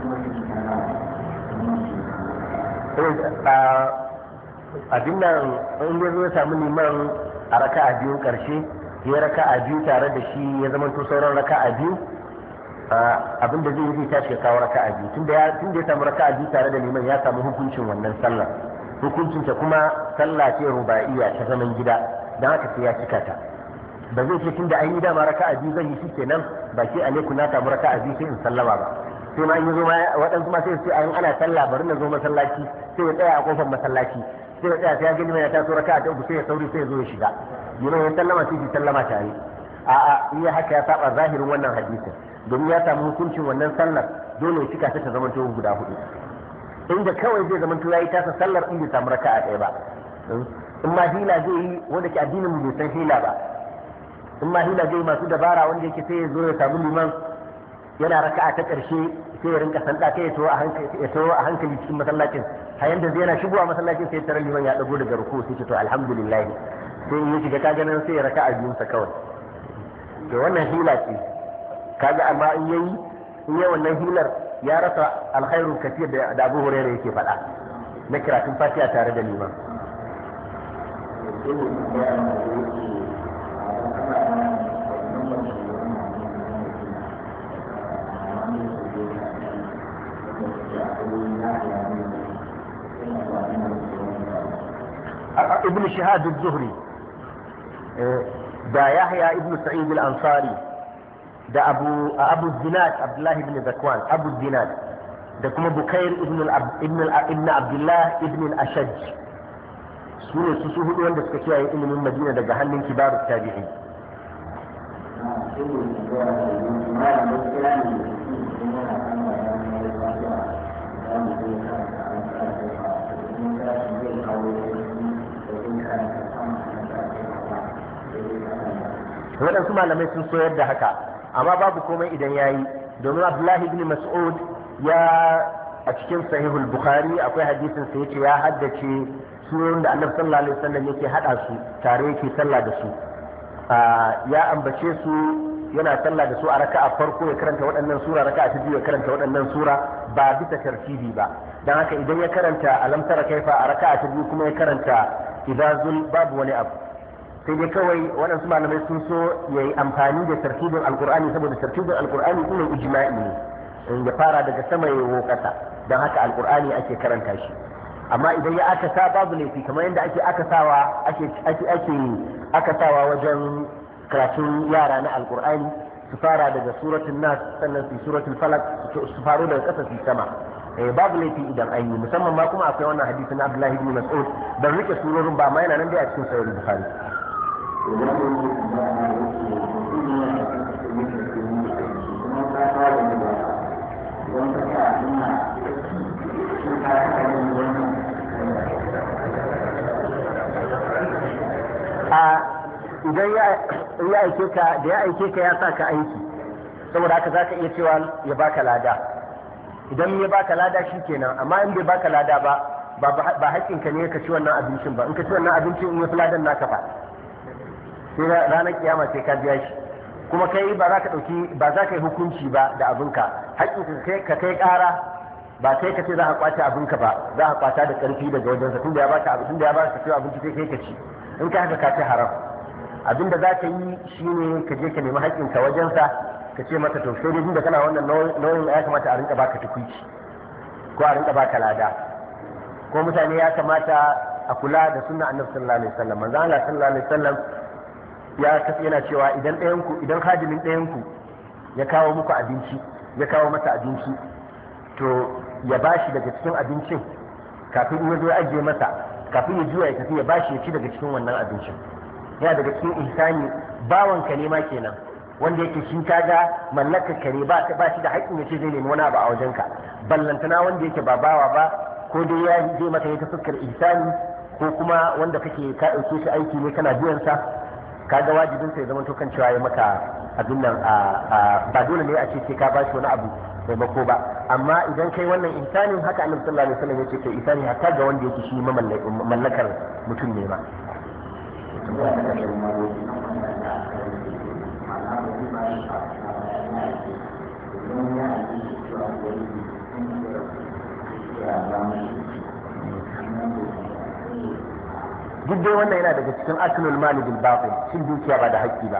Eh, abin nan ya zo samu liman a raka a ya raka a biyu tare da shi ya zama to sauran raka a biyu abin da zai yi tashi kawo raka a biyu tun da ya samu raka a biyu tare da liman ya samu hukuncin wannan sallah hukuncin ta kuma sallah ce ruba'iyya ta zaman gida don haka sai ya cika ta ba zai ce tun da an yi dama raka a biyu zan yi shi kenan ba ke ku na samu raka a biyu sai in sallama ba sai ma in yazo ma waɗansu ma sai su ce a ana sallah bari na zo masallaci sai ya tsaya a kofar masallaci sai ya tsaya sai ya gani mai ta taso raka ta uku sai ya sauri sai ya zo ya shiga yana ya sallama sai ya sallama tare a'a in ya haka ya saba zahirin wannan hadisin domin ya samu hukuncin wannan sallar dole ya cika ta ta zamanto guda hudu inda kawai zai zamanto yi tasa sallar in bai samu a ɗaya ba in ma hila zai yi wanda ke addinin mu bai san hila ba in ma hila zai yi masu dabara wanda yake sai ya zo ya samu liman yana raka'a ta ƙarshe sai ya rinka sanda kai ya tawo a hankali cikin masallacin har yanda zai yana shigowa masallacin sai tarar liman ya dago daga ruku sai ce to alhamdulillah sai ya shiga kaga nan sai ya raka'a biyun sa kawai to wannan hila ce kaga amma in yayi in yayi wannan hilar ya rasa alkhairu kafir da Abu Hurairah yake faɗa na karatun Fatiha tare da liman ابن شهاد الزهري دا يحيى ابن سعيد الأنصاري دا أبو أبو الزناد عبد الله بن ذكوان أبو الزناد دا كما بكير ابن الأب ابن الأب ابن عبد الله ابن الأشج سنة سسوه دون دا سكتيا ابن المدينة دا جهنم كبار التابعين waɗansu malamai sun soyar da haka amma babu komai idan ya yi domin abdullahi ibn mas'ud ya a cikin sahihul bukhari akwai hadisin ya ce ya haddace sunan da annabi sallallahu alaihi wasallam yake hada su tare yake sallah da su ya ambace su yana sallah da su a raka'a farko ya karanta waɗannan sura raka'a ta biyu ya karanta waɗannan sura ba bisa tartibi ba dan haka idan ya karanta alam tara kaifa a raka'a ta biyu kuma ya karanta idazul babu wani abu sai dai kawai waɗansu malamai sun so ya yi amfani da tartibin alkur'ani saboda tartibin alkur'ani ɗin ijma'i ne ya fara daga sama ya yi ƙasa don haka alkur'ani ake karanta shi amma idan ya aka sa babu fi kamar yadda ake aka sawa ake ake aka sawa wajen karatun yara na alkur'ani su fara daga suratul nas sannan su suratul falak su faro daga kasa su sama eh babu laifi idan an yi musamman ma kuma akwai wannan hadisi na Abdullahi ibn Mas'ud ban rike surorin ba amma yana nan dai a cikin sahih Bukhari Thank you. idan ya aike ka da ya aike ka ya sa ka aiki saboda haka za ka iya cewa ya baka lada idan ya baka lada shi kenan amma in bai baka lada ba ba haƙƙinka ne ka ci wannan abincin ba in ka ci wannan abincin in ya fi ladan naka ba sai ranar kiyama sai ka biya shi kuma kai ba za ka ɗauki ba za ka yi hukunci ba da abinka haƙƙin ka kai ƙara ba kai ka ce za a kwace abinka ba za a kwata da ƙarfi daga wajensa tun da ya baka abin da ya baka abinci sai kai ka ci in ka haka ka ci haram abinda za ka yi shine ka je ka nemi haƙƙinka wajensa ka ce masa to sai dai da kana wannan nauyin ya kamata a rinka baka tukuici ko a rinka baka lada ko mutane ya kamata a kula da sunna annabi sallallahu alaihi wasallam manzo Allah sallallahu alaihi wasallam ya yana cewa idan ɗayan ku idan ɗayan ku ya kawo muku abinci ya kawo masa abinci to ya bashi daga cikin abincin kafin ya zo ajiye masa kafin ya juya ya tafi ya bashi ya ci daga cikin wannan abincin yana daga cikin ihsani bawan ka ne ma kenan wanda yake shi ka ga mallaka ka ne ba shi da haƙƙin ya ce zai nemi wani abu a wajen ka ballantana wanda yake ba bawa ba ko dai ya je maka ya ta fuskar ihsani ko kuma wanda kake ka ɗauke shi aiki ne kana biyan sa ka ga wajibin sa ya zama to kan cewa ya maka abin nan ba dole ne a ce ka bashi wani abu taimako ba amma idan kai wannan ihsanin haka annabi sallallahu alaihi wasallam yace kai ihsani hatta ga wanda yake shi mallakar mutum ne ma duk dai wannan yana daga cikin aslul mali bil batil shin dukiya ba da haƙƙi ba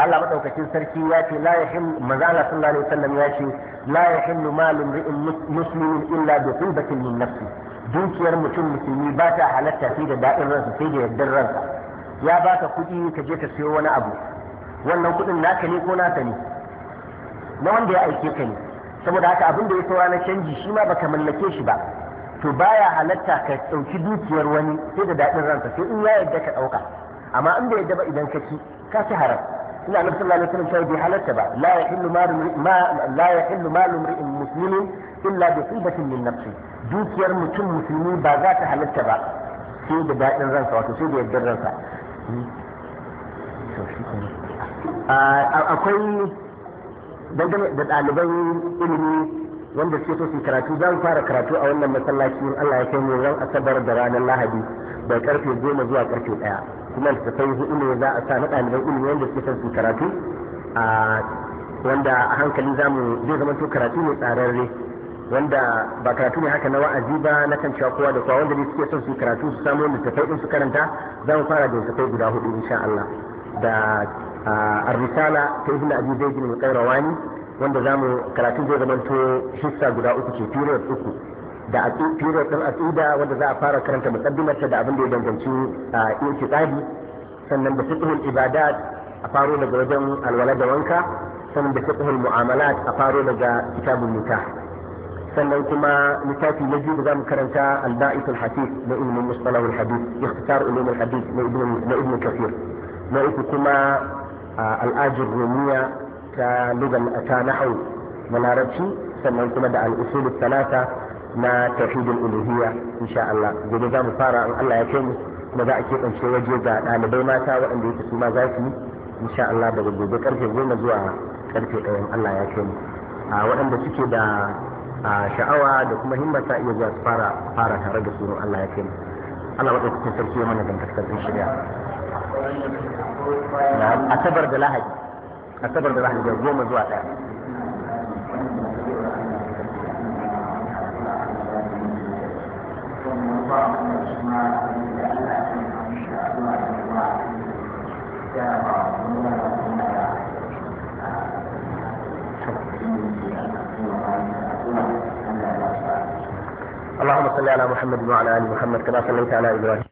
Allah madaukakin sarki ya ce la yahillu manzo Allah sallallahu alaihi wasallam ya ce la yahillu malun ri'in muslimin illa bi qubatin min nafsi dukiyar mutum musulmi ba ta halatta sai da da'in ransa sai da yardar ransa ya baka kuɗi ka je ka siyo wani abu wannan kuɗin naka ne ko nasa ne na wanda ya aike ka ne saboda haka abin da ya saura na canji shi ma baka mallake shi ba to baya halatta ka ɗauki dukiyar wani sai da daɗin ransa sai in ya yadda ka ɗauka amma in bai yarda ba idan ka ci ka ci haram ina annabi sallallahu alaihi wasallam sai bai halatta ba la yahillu malu ma la yahillu malu imri'in muslimin illa bi dukiyar mutum musulmi ba za ta halatta ba sai da dadin ransa wato sai da yardar ransa akwai dangane da ɗaliban ilimi wanda suke so su karatu za mu fara karatu a wannan masallaci Allah ya kai mu ran asabar da ranar lahadi da karfe goma zuwa karfe ɗaya kuma littattafai hudu ne za a sa na ɗaliban ilimi wanda suke son su karatu a wanda a hankali mu zai zama to karatu ne tsararre wanda ba karatu ne haka na wa'azi ba na kan cewa kowa da kowa wanda ne suke son su karatu su samu tafai din su karanta za mu fara da littattafai guda hudu insha Allah da ar-risala ta ibn abi zaid al-qayrawani wanda mu karatu zai zama to hissa guda uku ce period uku da period din asida wanda za a fara karanta muqaddimar da abin da ya danganci intiqadi sannan da fiqhul ibadat a faro daga wajen alwala da wanka sannan da fiqhul mu'amalat a faro daga kitabun nikah sannan kuma littafi na biyu da zamu karanta al-ba'ith al-hadith na ilm mustalah al-hadith ikhtisar ulum al-hadith na ibn na ibn kathir na uku kuma al-ajr rumiya ta lugal ta nahwu na larabci sannan kuma da al-usul thalatha na tafidin uluhiyya insha Allah gobe za mu fara in Allah ya kai mu ma za a keɓance waje ga ɗalibai mata waɗanda yake su ma za su yi insha Allah daga gobe karfe goma zuwa karfe in Allah ya kai mu a waɗanda suke da sha'awa da kuma himmata iya zuwa su fara fara tare da su Allah ya kai mu Allah maɗaukakin sarki ya mana dangantakar shirya asabar da lahadi asabar da lahadi da goma zuwa ɗaya اللهم صل على محمد وعلى ال محمد كما صليت على ابراهيم